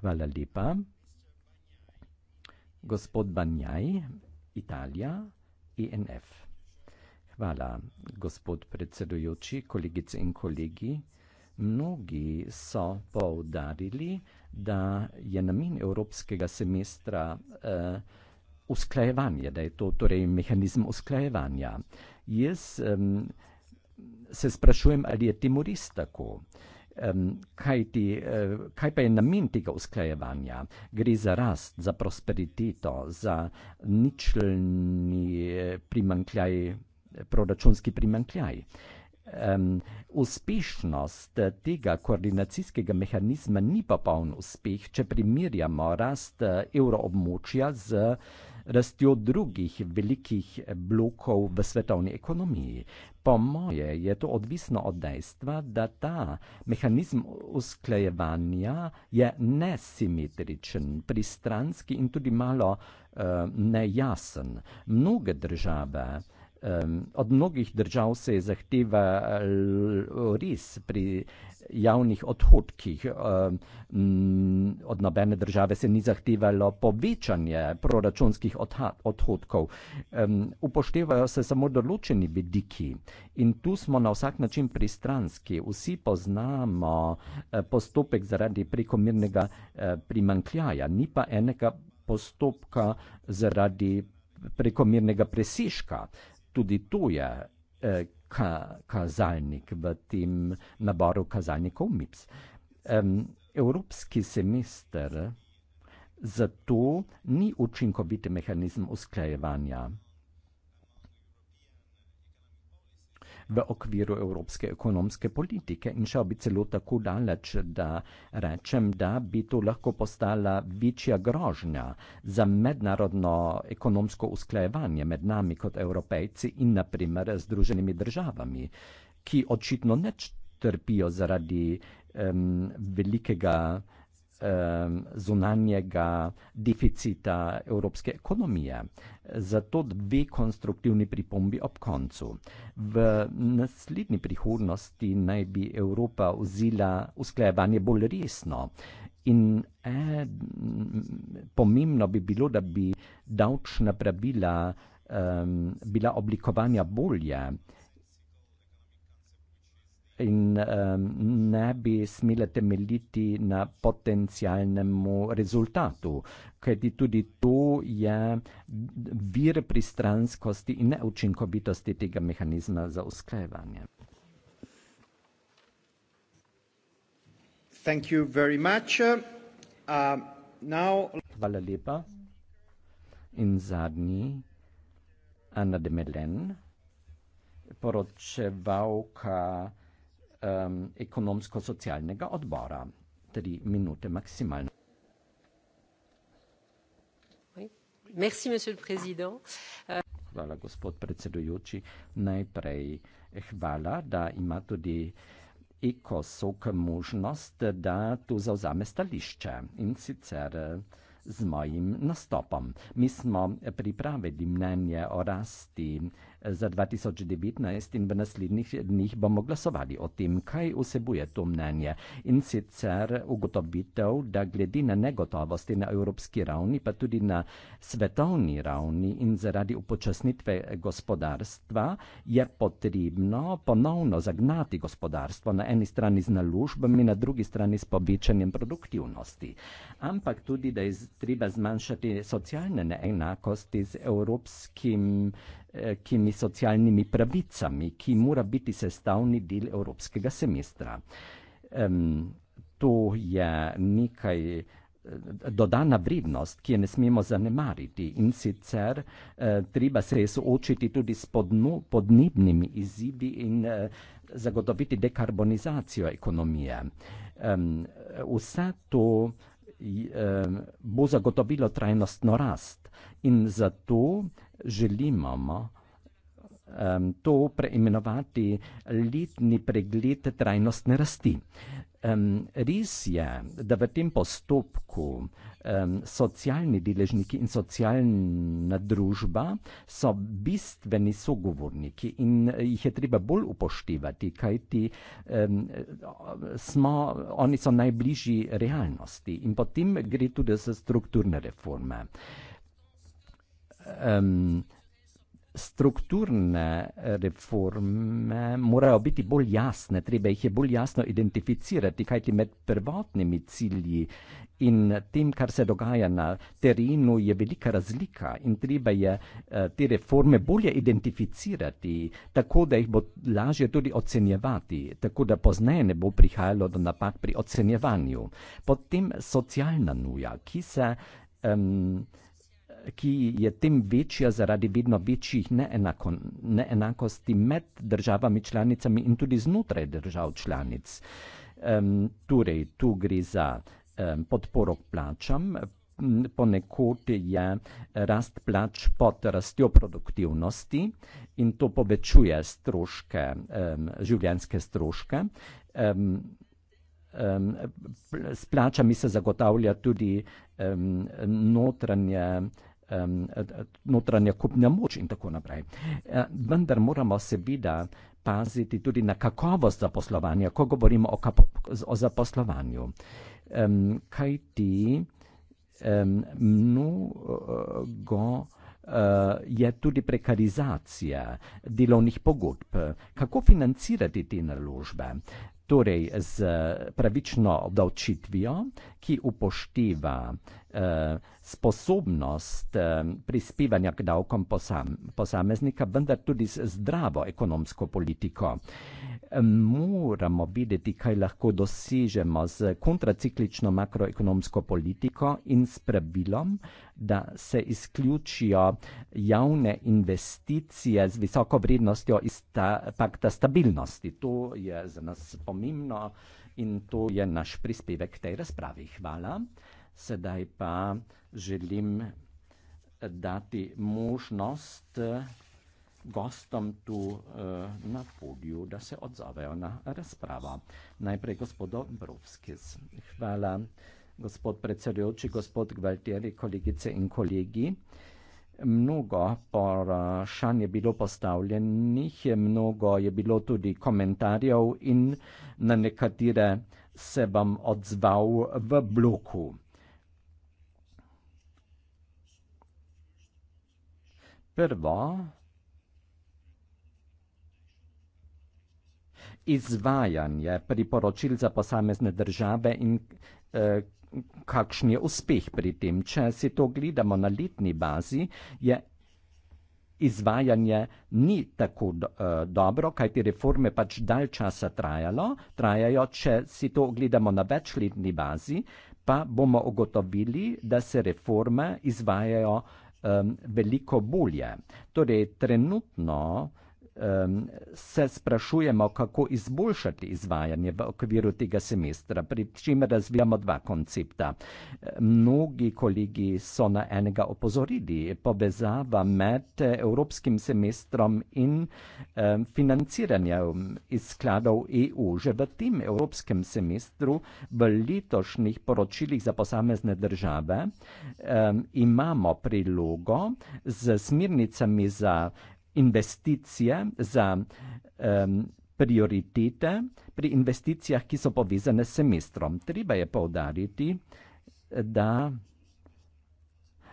Hvala lepa. Gospod Banjaj, Italija, INF. E Hvala, gospod predsedujoči, kolegice in kolegi. Mnogi so poudarili, da je namen evropskega semestra uh, usklajevanje, da je to torej mehanizem usklajevanja. Jaz um, se sprašujem, ali je temu res tako. Uh, kaj, ti, e, kaj pa je namen tega usklajevanja? Gre za rast, za prosperiteto, za ničelni e, primankljaj, e, proračunski primankljaj. Um, uspešnost tega koordinacijskega mehanizma ni popoln uspeh, če primerjamo rast evroobmočja z uh, rastjo drugih velikih blokov v svetovni ekonomiji. Po moje je to odvisno od dejstva, da ta mehanizem usklajevanja je nesimetričen, pristranski in tudi malo uh, nejasen. Mnoge države Um, od mnogih držav se je zahteva res pri javnih odhodkih. Um, od nobene države se ni zahtevalo povečanje proračunskih odhodkov. Um, upoštevajo se samo določeni vidiki in tu smo na vsak način pristranski. Vsi poznamo eh, postopek zaradi prekomernega eh, primankljaja, ni pa enega postopka zaradi prekomernega presežka tudi to je eh, ka, kazalnik v tem naboru kazalnikov MIPS. Eh, evropski semester zato ni učinkovit mehanizem usklajevanja. v okviru evropske ekonomske politike. In šel bi celo tako daleč, da rečem, da bi to lahko postala večja grožnja za mednarodno ekonomsko usklajevanje med nami kot evropejci in naprimer združenimi državami, ki očitno neč trpijo zaradi um, velikega zunanjega deficita evropske ekonomije. Zato dve konstruktivni pripombi ob koncu. V naslednji prihodnosti naj bi Evropa vzela usklajevanje bolj resno. In eh, pomembno bi bilo, da bi davčna pravila eh, bila oblikovanja bolje eh, in um, ne bi smele temeljiti na potencijalnemu rezultatu, kajti tudi to je vir pristranskosti in neučinkovitosti tega mehanizma za usklajevanje. Uh, now... Hvala lepa. In zadnji, Anna de Melen, poročevalka um, ekonomsko-socialnega odbora. Tri minute maksimalno. Merci, hvala, gospod predsedujoči. Najprej hvala, da ima tudi ECOSOK možnost, da tu zauzame stališče in sicer z mojim nastopom. Mi smo pripravili mnenje o rasti za 2019 in v naslednjih dneh bomo glasovali o tem, kaj vsebuje to mnenje. In sicer ugotovitev, da glede na negotovosti na evropski ravni, pa tudi na svetovni ravni in zaradi upočasnitve gospodarstva, je potrebno ponovno zagnati gospodarstvo na eni strani z naložbami, na drugi strani s povečanjem produktivnosti. Ampak tudi, da je treba zmanjšati socialne neenakosti z evropskim Eh, kimi socialnimi pravicami, ki mora biti sestavni del evropskega semestra. Um, to je nekaj eh, dodana vrednost, ki je ne smemo zanemariti in sicer eh, treba se je soočiti tudi s podno, podnebnimi izzivi in eh, zagotoviti dekarbonizacijo ekonomije. Um, vse to eh, bo zagotovilo trajnostno rast. In zato želimo um, to preimenovati letni pregled trajnostne rasti. Um, res je, da v tem postopku um, socialni deležniki in socialna družba so bistveni sogovorniki in jih je treba bolj upoštevati, kajti um, smo, oni so najbližji realnosti in potem gre tudi za strukturne reforme um, strukturne reforme morajo biti bolj jasne, treba jih je bolj jasno identificirati, kajti med prvotnimi cilji in tem, kar se dogaja na terenu, je velika razlika in treba je eh, te reforme bolje identificirati, tako da jih bo lažje tudi ocenjevati, tako da pozneje ne bo prihajalo do napak pri ocenjevanju. Potem socialna nuja, ki se um, ki je tem večja zaradi vedno večjih neenako, neenakosti med državami članicami in tudi znotraj držav članic. Um, torej, tu gre za um, podporo plačam. Ponekod je rast plač pod rastjo produktivnosti in to povečuje stroške, um, življenjske stroške. Um, um, s plačami se zagotavlja tudi um, notranje um, notranja kupna moč in tako naprej. Uh, vendar moramo seveda paziti tudi na kakovost zaposlovanja, ko govorimo o, kapo, o zaposlovanju. Um, kaj ti um, mnogo uh, je tudi prekarizacija delovnih pogodb? Kako financirati te naložbe? torej z eh, pravično obdavčitvijo, ki upošteva eh, sposobnost eh, prispevanja k davkom posam, posameznika, vendar tudi z zdravo ekonomsko politiko. Eh, Eh, moramo videti, kaj lahko dosežemo z kontraciklično makroekonomsko politiko in s pravilom, da se izključijo javne investicije z visoko vrednostjo iz ta, pakta stabilnosti. To je za nas pomembno in to je naš prispevek k tej razpravi. Hvala. Sedaj pa želim eh, dati možnost. Eh, gostom tu uh, na podiju, da se odzovejo na razprava. Najprej gospod Obrovskis. Hvala, gospod predsedujoči, gospod Gvaltieri, kolegice in kolegi. Mnogo vprašanj je bilo postavljenih, mnogo je bilo tudi komentarjev in na nekatere se bom odzval v bloku. Prvo, izvajanje priporočil za posamezne države in eh, kakšen je uspeh pri tem. Če si to gledamo na letni bazi, je izvajanje ni tako do, eh, dobro, kaj ti reforme pač dalj časa trajalo, trajajo, če si to gledamo na večletni bazi, pa bomo ugotovili, da se reforme izvajajo eh, veliko bolje. Torej, trenutno um, se sprašujemo, kako izboljšati izvajanje v okviru tega semestra, pri čemer razvijamo dva koncepta. Mnogi kolegi so na enega opozorili, povezava med evropskim semestrom in um, financiranjem iz skladov EU. Že v tem evropskem semestru v letošnjih poročilih za posamezne države um, imamo prilogo z smirnicami za investicije za um, prioritete pri investicijah, ki so povezane s semestrom. Treba je poudariti, da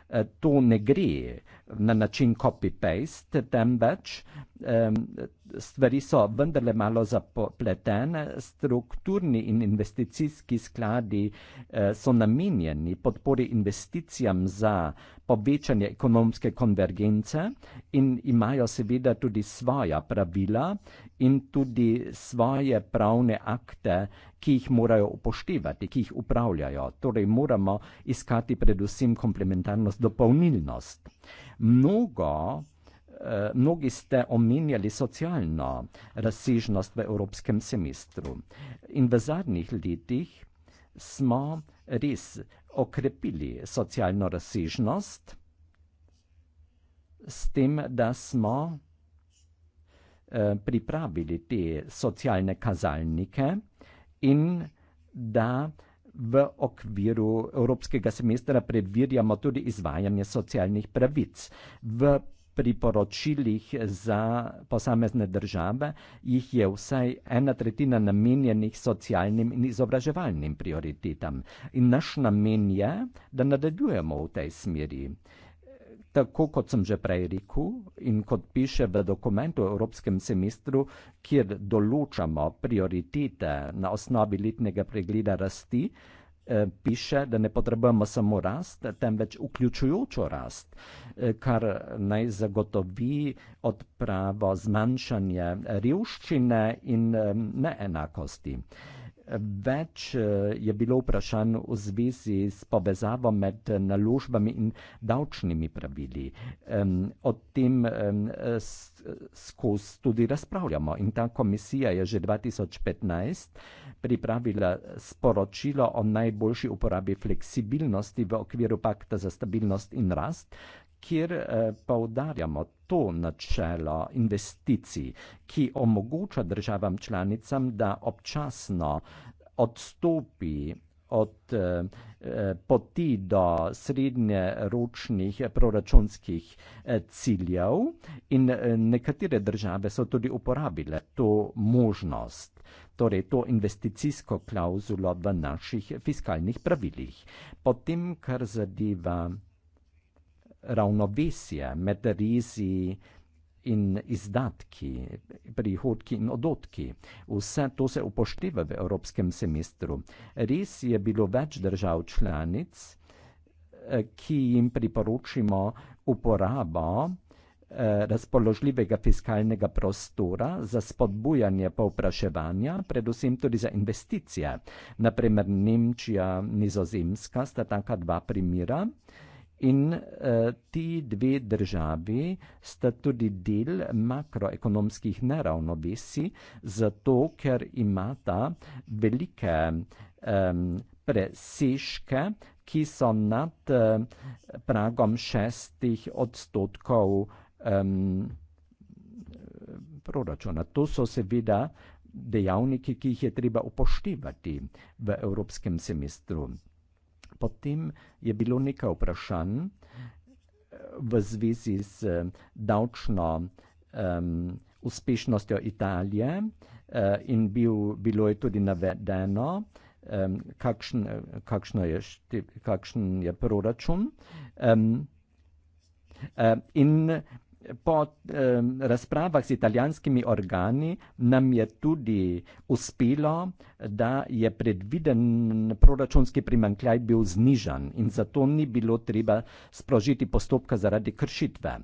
Eh, to ne gre na način copy-paste, temveč stvari so vendarle malo zapletene, strukturni in investicijski skladi eh, so namenjeni podpori investicijam za povečanje ekonomske konvergence in imajo seveda tudi svoja pravila, in tudi svoje pravne akte, ki jih morajo upoštevati, ki jih upravljajo. Torej moramo iskati predvsem komplementarnost, dopolnilnost. Mnogo, eh, mnogi ste omenjali socialno razsežnost v evropskem semestru in v zadnjih letih smo res okrepili socialno razsežnost s tem, da smo Eh, pripravili te socialne kazalnike in da v okviru evropskega semestra predvidjamo tudi izvajanje socialnih pravic. V priporočilih za posamezne države jih je vsaj ena tretjina namenjenih socialnim in izobraževalnim prioritetam. In naš namen je, da nadaljujemo v tej smeri tako kot sem že prej rekel in kot piše v dokumentu o evropskem semestru, kjer določamo prioritete na osnovi letnega pregleda rasti, eh, piše, da ne potrebujemo samo rast, temveč vključujočo rast, eh, kar naj zagotovi odpravo zmanjšanje revščine in eh, neenakosti. Več eh, je bilo vprašanj v zvezi s povezavo med eh, naložbami in davčnimi pravili. O tem skozi tudi razpravljamo in ta komisija je že 2015 pripravila sporočilo o najboljši uporabi fleksibilnosti v okviru pakta za stabilnost in rast, kjer eh, poudarjamo to načelo investicij, ki omogoča državam članicam, da občasno odstopi od eh, eh, poti do srednjeročnih proračunskih ciljev in nekatere države so tudi uporabile to možnost, torej to investicijsko klauzulo v naših fiskalnih pravilih. Potem, kar zadeva ravnovesje med rizi in izdatki, prihodki in odotki. Vse to se upošteva v evropskem semestru. Res je bilo več držav članic, eh, ki jim priporočimo uporabo eh, razpoložljivega fiskalnega prostora za spodbujanje povpraševanja, predvsem tudi za investicije. Naprimer Nemčija, Nizozemska sta taka dva primera. In uh, ti dve državi sta tudi del makroekonomskih neravnovesi, zato ker imata velike um, presežke, ki so nad uh, pragom šestih odstotkov um, proračuna. To so seveda dejavniki, ki jih je treba upoštevati v evropskem semestru. Potem je bilo nekaj vprašanj v zvezi z eh, davčno um, uspešnostjo Italije uh, in bil, bilo je tudi navedeno, um, kakšen, kakšno je šti, kakšen je proračun. Um, uh, in Po um, razpravah s italijanskimi organi nam je tudi uspelo, da je predviden proračunski primankljaj bil znižan in zato ni bilo treba sprožiti postopka zaradi kršitve.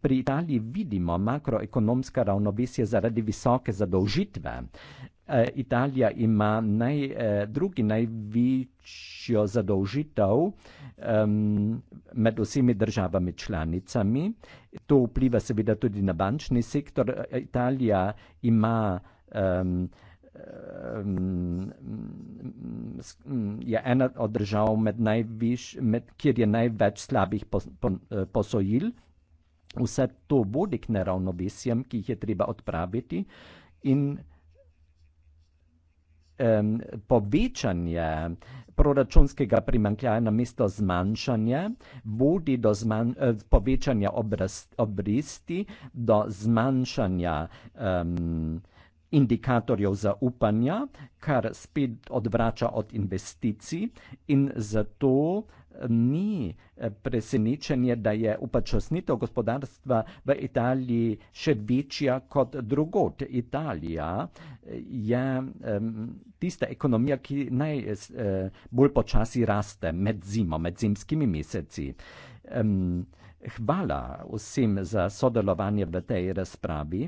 Pri Italiji vidimo makroekonomska ravnovesje zaradi visoke zadolžitve. E, Italija ima naj, e, drugi največjo zadolžitev um, med vsemi državami članicami. To vpliva seveda tudi na bančni sektor. E, Italija ima um, Je ena od držav, med najviš, med, kjer je največ slabih posojil. Vse to vodi k neravnovesjem, ki jih je treba odpraviti, in um, povečanje proračunskega primankljaja na mesto zmanjšanja vodi do zman, uh, eh, povečanja obrasti, obristi, do zmanjšanja um, indikatorjev zaupanja, kar spet odvrača od investicij in zato ni eh, presenečenje, da je upočasnitev gospodarstva v Italiji še večja kot drugot. Italija eh, je um, tista ekonomija, ki najbolj eh, uh, počasi raste med zimo, med zimskimi meseci. Um, hvala vsem za sodelovanje v tej razpravi.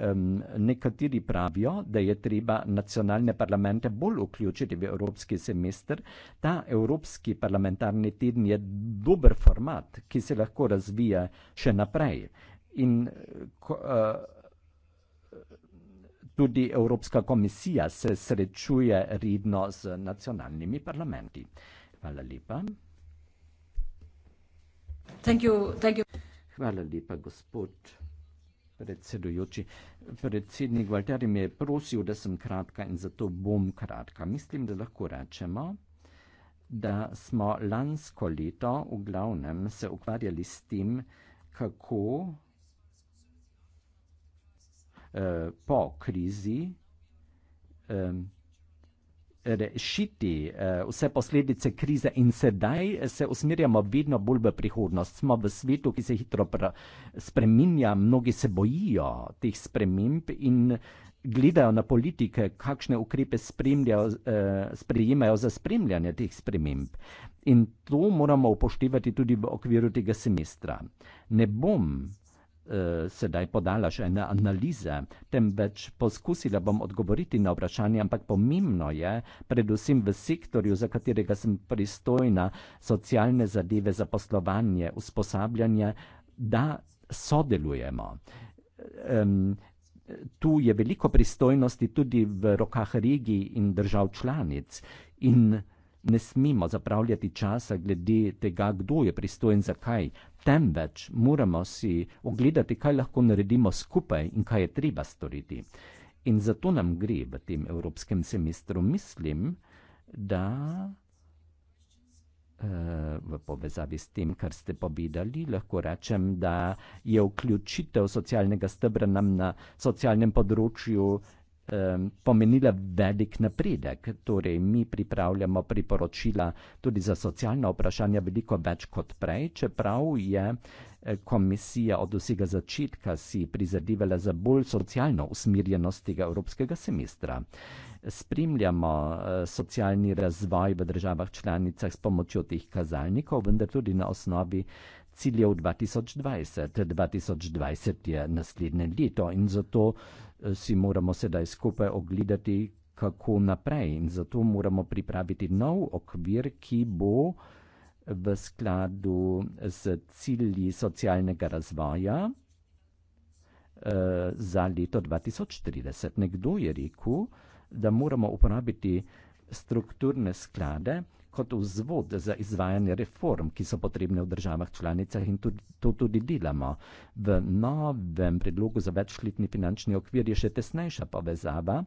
Um, nekateri pravijo, da je treba nacionalne parlamente bolj vključiti v evropski semester. Ta evropski parlamentarni teden je dober format, ki se lahko razvija še naprej. In ko, uh, tudi Evropska komisija se srečuje redno z nacionalnimi parlamenti. Hvala lepa. Thank you, thank you. Hvala lepa, gospod predsedujoči. Predsednik Valter mi je prosil, da sem kratka in zato bom kratka. Mislim, da lahko rečemo, da smo lansko leto v glavnem se ukvarjali s tem, kako eh, po krizi eh, rešiti eh, vse posledice krize in sedaj se usmerjamo vedno bolj v prihodnost. Smo v svetu, ki se hitro spreminja, mnogi se bojijo teh sprememb in gledajo na politike, kakšne ukrepe eh, sprejemajo za spremljanje teh sprememb. In to moramo upoštevati tudi v okviru tega semestra. Ne bom E, sedaj podala še ene analize, temveč poskusila bom odgovoriti na vprašanje, ampak pomembno je, predvsem v sektorju, za katerega sem pristojna, socialne zadeve, zaposlovanje, usposabljanje, da sodelujemo. Um, tu je veliko pristojnosti tudi v rokah regij in držav članic in ne smemo zapravljati časa glede tega, kdo je pristojen za kaj, temveč moramo si ogledati, kaj lahko naredimo skupaj in kaj je treba storiti. In zato nam gre v tem evropskem semestru, mislim, da eh, v povezavi s tem, kar ste povedali, lahko rečem, da je vključitev socialnega stebra nam na socialnem področju um, ehm, pomenile velik napredek. Torej, mi pripravljamo priporočila tudi za socialna vprašanja veliko več kot prej, čeprav je eh, komisija od vsega začetka si prizadevala za bolj socialno usmirjenost tega evropskega semestra. Spremljamo eh, socialni razvoj v državah članicah s pomočjo teh kazalnikov, vendar tudi na osnovi ciljev 2020. 2020 je naslednje leto in zato si moramo sedaj skupaj ogledati, kako naprej in zato moramo pripraviti nov okvir, ki bo v skladu z cilji socialnega razvoja eh, za leto 2030. Nekdo je rekel, da moramo uporabiti strukturne sklade, kot vzvod za izvajanje reform, ki so potrebne v državah članicah in tudi, to tudi delamo. V novem predlogu za večletni finančni okvir je še tesnejša povezava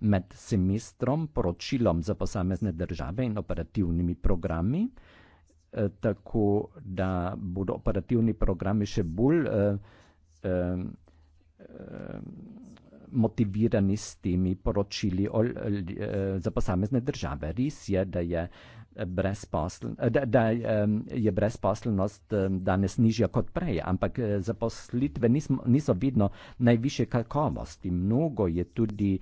med semestrom, poročilom za posamezne države in operativnimi programi, eh, tako da bodo operativni programi še bolj eh, eh, motivirani s temi poročili o, o, eh, za posamezne države. Res je, da je, eh, brezposl, eh, da, da je brezposlenost danes nižja kot prej, ampak zaposlitve niso, niso vedno najviše kakovosti. Mnogo je tudi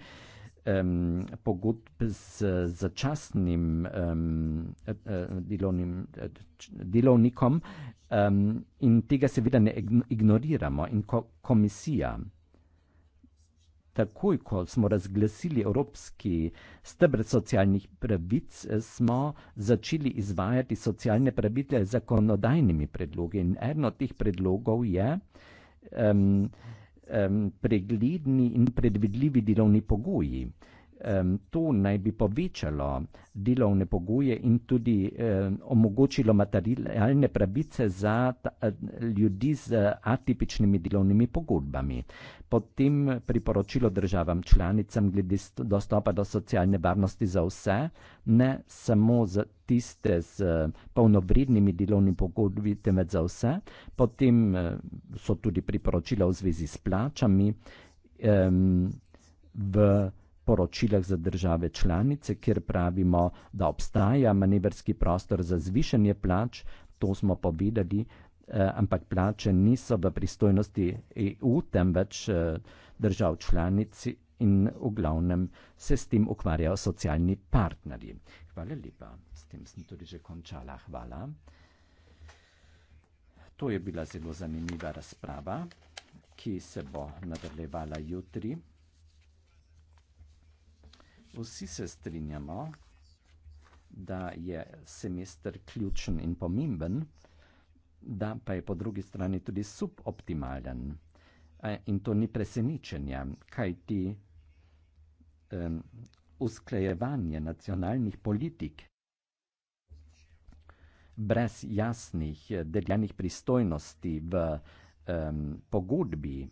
um, pogodb z začasnim um, delovnim, delovnikom um, in tega seveda ne ignoriramo in ko, komisija takoj, ko smo razglasili evropski stebr socialnih pravic, smo začeli izvajati socialne pravice z zakonodajnimi predlogi. In eno od teh predlogov je um, um, pregledni in predvidljivi delovni pogoji. Um, to naj bi povečalo delovne pogoje in tudi um, omogočilo materialne pravice za ta, ljudi z atipičnimi delovnimi pogodbami. Potem priporočilo državam članicam glede dostopa do socialne varnosti za vse, ne samo za tiste z polnovrednimi delovnimi pogodbi, temveč za vse. Potem so tudi priporočila v zvezi s plačami um, v poročilah za države članice, kjer pravimo, da obstaja manevrski prostor za zvišanje plač, to smo povedali, eh, ampak plače niso v pristojnosti EU, temveč eh, držav članici in v glavnem se s tem ukvarjajo socialni partnerji. Hvala lepa, s tem sem tudi že končala. Hvala. To je bila zelo zanimiva razprava, ki se bo nadaljevala jutri. Vsi se strinjamo, da je semester ključen in pomemben, da pa je po drugi strani tudi suboptimalen. E, in to ni presenečenje, kaj ti um, usklajevanje nacionalnih politik brez jasnih deljenih pristojnosti v um, pogodbi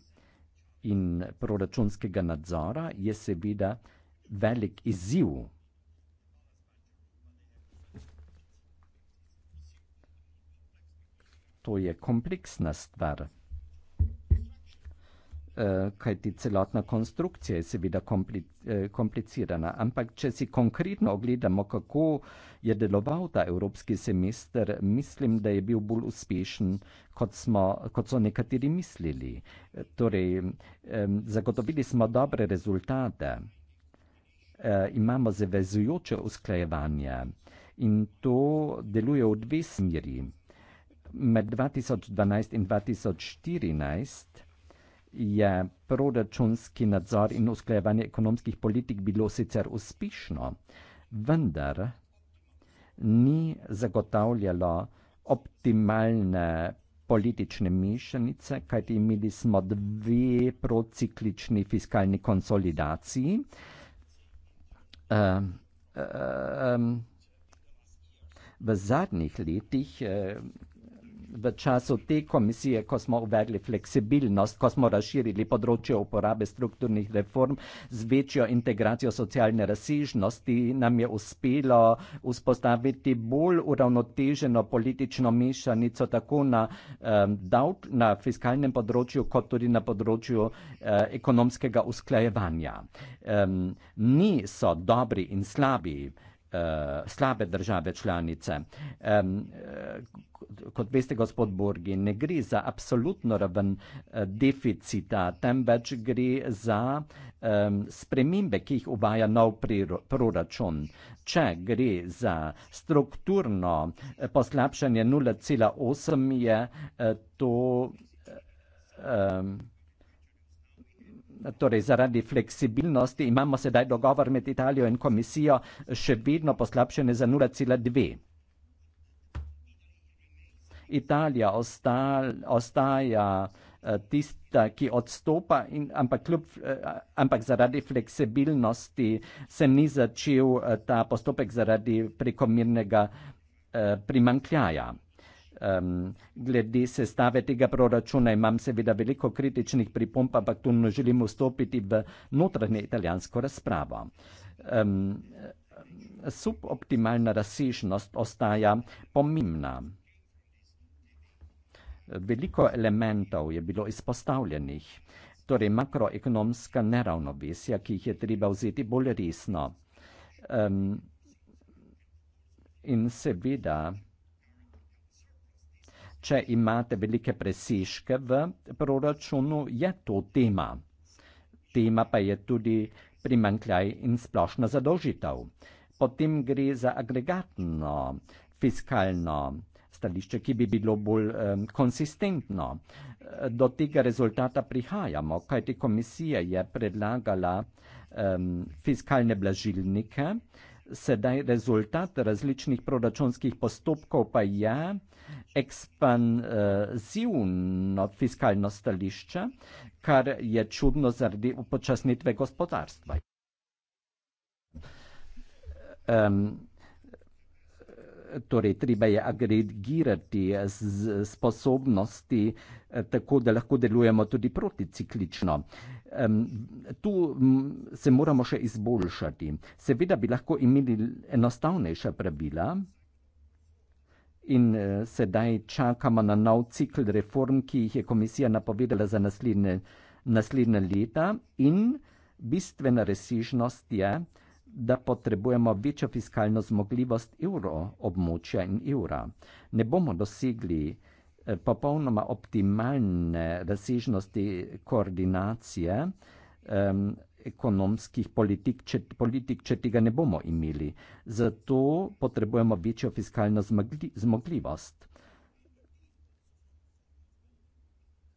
in proračunskega nadzora je seveda velik izziv. To je kompleksna stvar. Eh, Kaj ti celotna konstrukcija je seveda eh, komplicirana, ampak če si konkretno ogledamo, kako je deloval ta evropski semester, mislim, da je bil bolj uspešen, kot, smo, kot so nekateri mislili. Torej, zagotovili smo dobre rezultate eh, imamo zavezujoče usklajevanje in to deluje v dve smeri. Med 2012 in 2014 je proračunski nadzor in usklajevanje ekonomskih politik bilo sicer uspešno, vendar ni zagotavljalo optimalne politične mešanice, kajti imeli smo dve prociklični fiskalni konsolidaciji, ähm, ähm, was ehm, sagt nicht, lädt dich äh, ehm, v času te komisije, ko smo uvedli fleksibilnost, ko smo razširili področje uporabe strukturnih reform z večjo integracijo socialne razsežnosti, nam je uspelo vzpostaviti bolj uravnoteženo politično mešanico tako na, um, davč, na fiskalnem področju, kot tudi na področju uh, ekonomskega usklajevanja. Um, ni so dobri in slabi uh, slabe države članice. Um, kot veste, gospod Borgi, ne gre za absolutno raven eh, deficita, temveč gre za um, spremembe, ki jih uvaja nov proračun. Če gre za strukturno poslabšanje 0,8, je to. Um, torej zaradi fleksibilnosti imamo sedaj dogovor med Italijo in komisijo še vedno poslabšene za 0,2. Italija ostal, ostaja eh, tista, ki odstopa, in, ampak, kljub, eh, ampak zaradi fleksibilnosti se ni začel eh, ta postopek zaradi prekomirnega primankljaja. Um, glede sestave tega proračuna imam seveda veliko kritičnih pripomp, ampak tu ne želim vstopiti v notranje italijansko razpravo. Um, suboptimalna razsežnost ostaja pomembna. Veliko elementov je bilo izpostavljenih, torej makroekonomska neravnovesja, ki jih je treba vzeti bolj resno. Um, in seveda, če imate velike presežke v proračunu, je to tema. Tema pa je tudi primankljaj in splošna zadolžitev. Potem gre za agregatno fiskalno stališče, ki bi bilo bolj um, konsistentno. Do tega rezultata prihajamo, kajti komisija je predlagala um, fiskalne blažilnike, sedaj rezultat različnih proračunskih postopkov pa je, ekspanzivno fiskalno stališče, kar je čudno zaradi upočasnitve gospodarstva. Um, Torej, treba je agregirati sposobnosti, eh, tako da lahko delujemo tudi proticiklično. Tu se moramo še izboljšati. Seveda bi lahko imeli enostavnejša pravila, in uh, sedaj čakamo na nov cikl reform, ki jih je komisija napovedala za naslednje, naslednje leta. In bistvena resižnost je, da potrebujemo večjo fiskalno zmogljivost evro območja in evra. Ne bomo dosegli uh, popolnoma optimalne razsežnosti koordinacije. Um, ekonomskih politik, če, politik, če tega ne bomo imeli. Zato potrebujemo večjo fiskalno zmogli, zmogljivost.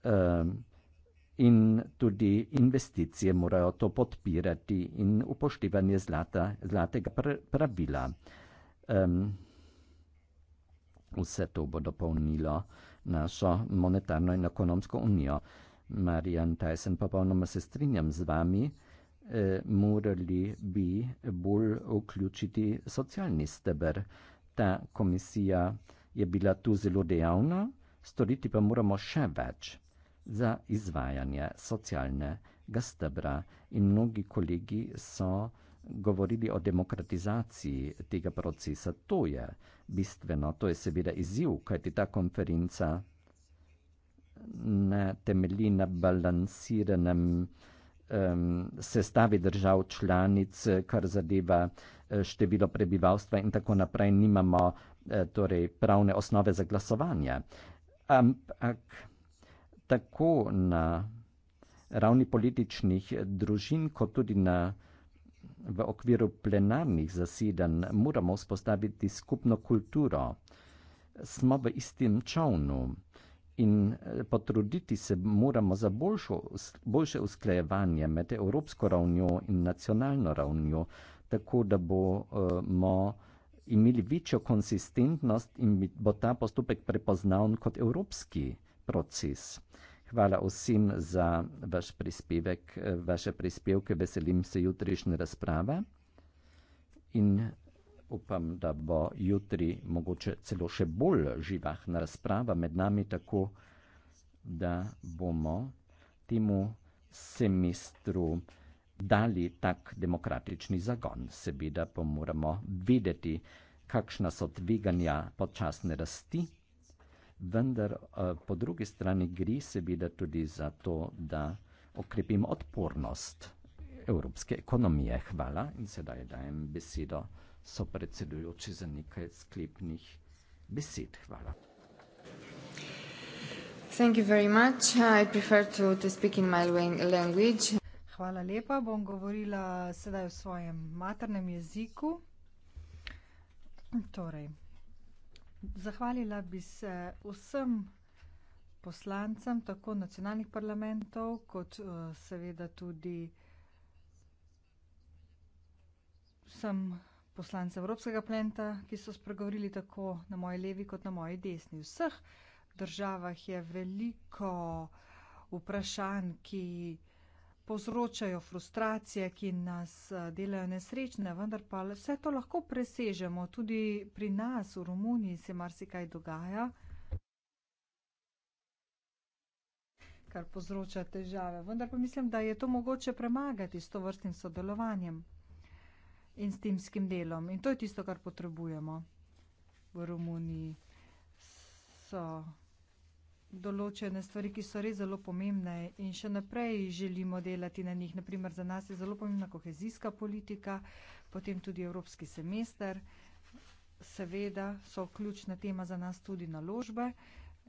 Uh, in tudi investicije morajo to podpirati in upoštevanje zlata, zlatega pr pravila. Um, vse to bo dopolnilo našo monetarno in ekonomsko unijo. Marijan Tyson, popolnoma se strinjam z vami. Eh, morali bi bolj vključiti socialni steber. Ta komisija je bila tu zelo dejavna, storiti pa moramo še več za izvajanje socialnega stebra. In mnogi kolegi so govorili o demokratizaciji tega procesa. To je bistveno, to je seveda izziv, kajti ta konferenca ne temelji na balansiranem um, sestavi držav članic, kar zadeva eh, število prebivalstva in tako naprej, nimamo eh, torej pravne osnove za glasovanje. Ampak tako na ravni političnih družin, kot tudi na, v okviru plenarnih zasedanj moramo vzpostaviti skupno kulturo. Smo v istem čovnu in eh, potruditi se moramo za boljšo, boljše usklajevanje med evropsko ravnjo in nacionalno ravnjo, tako da bomo eh, imeli večjo konsistentnost in bo ta postopek prepoznavn kot evropski proces. Hvala vsem za vaš prispevek, eh, vaše prispevke, veselim se jutrišnje razprave. In upam, da bo jutri mogoče celo še bolj živahna razprava med nami, tako da bomo temu semestru dali tak demokratični zagon. Seveda pa moramo vedeti, kakšna so tveganja počasne rasti, vendar eh, po drugi strani gre seveda tudi za to, da okrepimo odpornost evropske ekonomije. Hvala in sedaj dajem besedo so predsedujoči za nekaj sklepnih besed. Hvala. Hvala lepa, bom govorila sedaj v svojem maternem jeziku. Torej, zahvalila bi se vsem poslancem, tako nacionalnih parlamentov, kot eh, seveda tudi vsem poslancem, poslance Evropskega plenta, ki so spregovorili tako na moji levi kot na moji desni. V vseh državah je veliko vprašanj, ki povzročajo frustracije, ki nas eh, delajo nesrečne, vendar pa vse to lahko presežemo. Tudi pri nas v Romuniji se marsikaj dogaja, kar povzroča težave. Vendar pa mislim, da je to mogoče premagati s to vrstnim sodelovanjem in s timskim delom. In to je tisto, kar potrebujemo v Romuniji. So določene stvari, ki so res zelo pomembne in še naprej želimo delati na njih. Naprimer, za nas je zelo pomembna kohezijska politika, potem tudi evropski semester. Seveda so ključna tema za nas tudi naložbe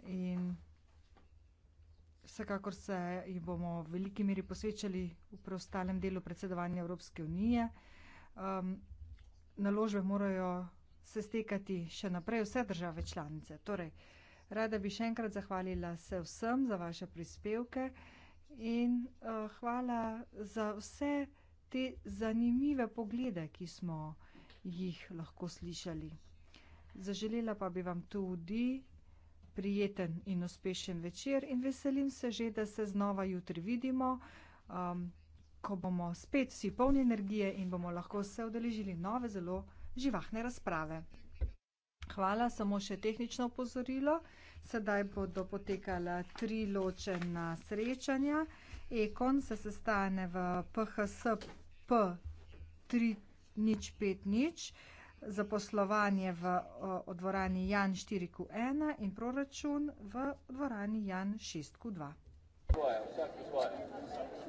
in vsekakor se jim bomo v veliki meri posvečali v preostalem delu predsedovanja Evropske unije um, naložbe morajo se stekati še naprej vse države članice. Torej, rada bi še enkrat zahvalila se vsem za vaše prispevke in uh, hvala za vse te zanimive poglede, ki smo jih lahko slišali. Zaželela pa bi vam tudi prijeten in uspešen večer in veselim se že, da se znova jutri vidimo. Um, ko bomo spet vsi polni energije in bomo lahko se odeležili nove, zelo živahne razprave. Hvala, samo še tehnično opozorilo. Sedaj bodo potekala tri ločena srečanja. Ekon se sestane v PHSP 3.0.5.0 za poslovanje v odvorani Jan 4.1 in proračun v odvorani Jan 6.2. Hvala, vsak izvajanje.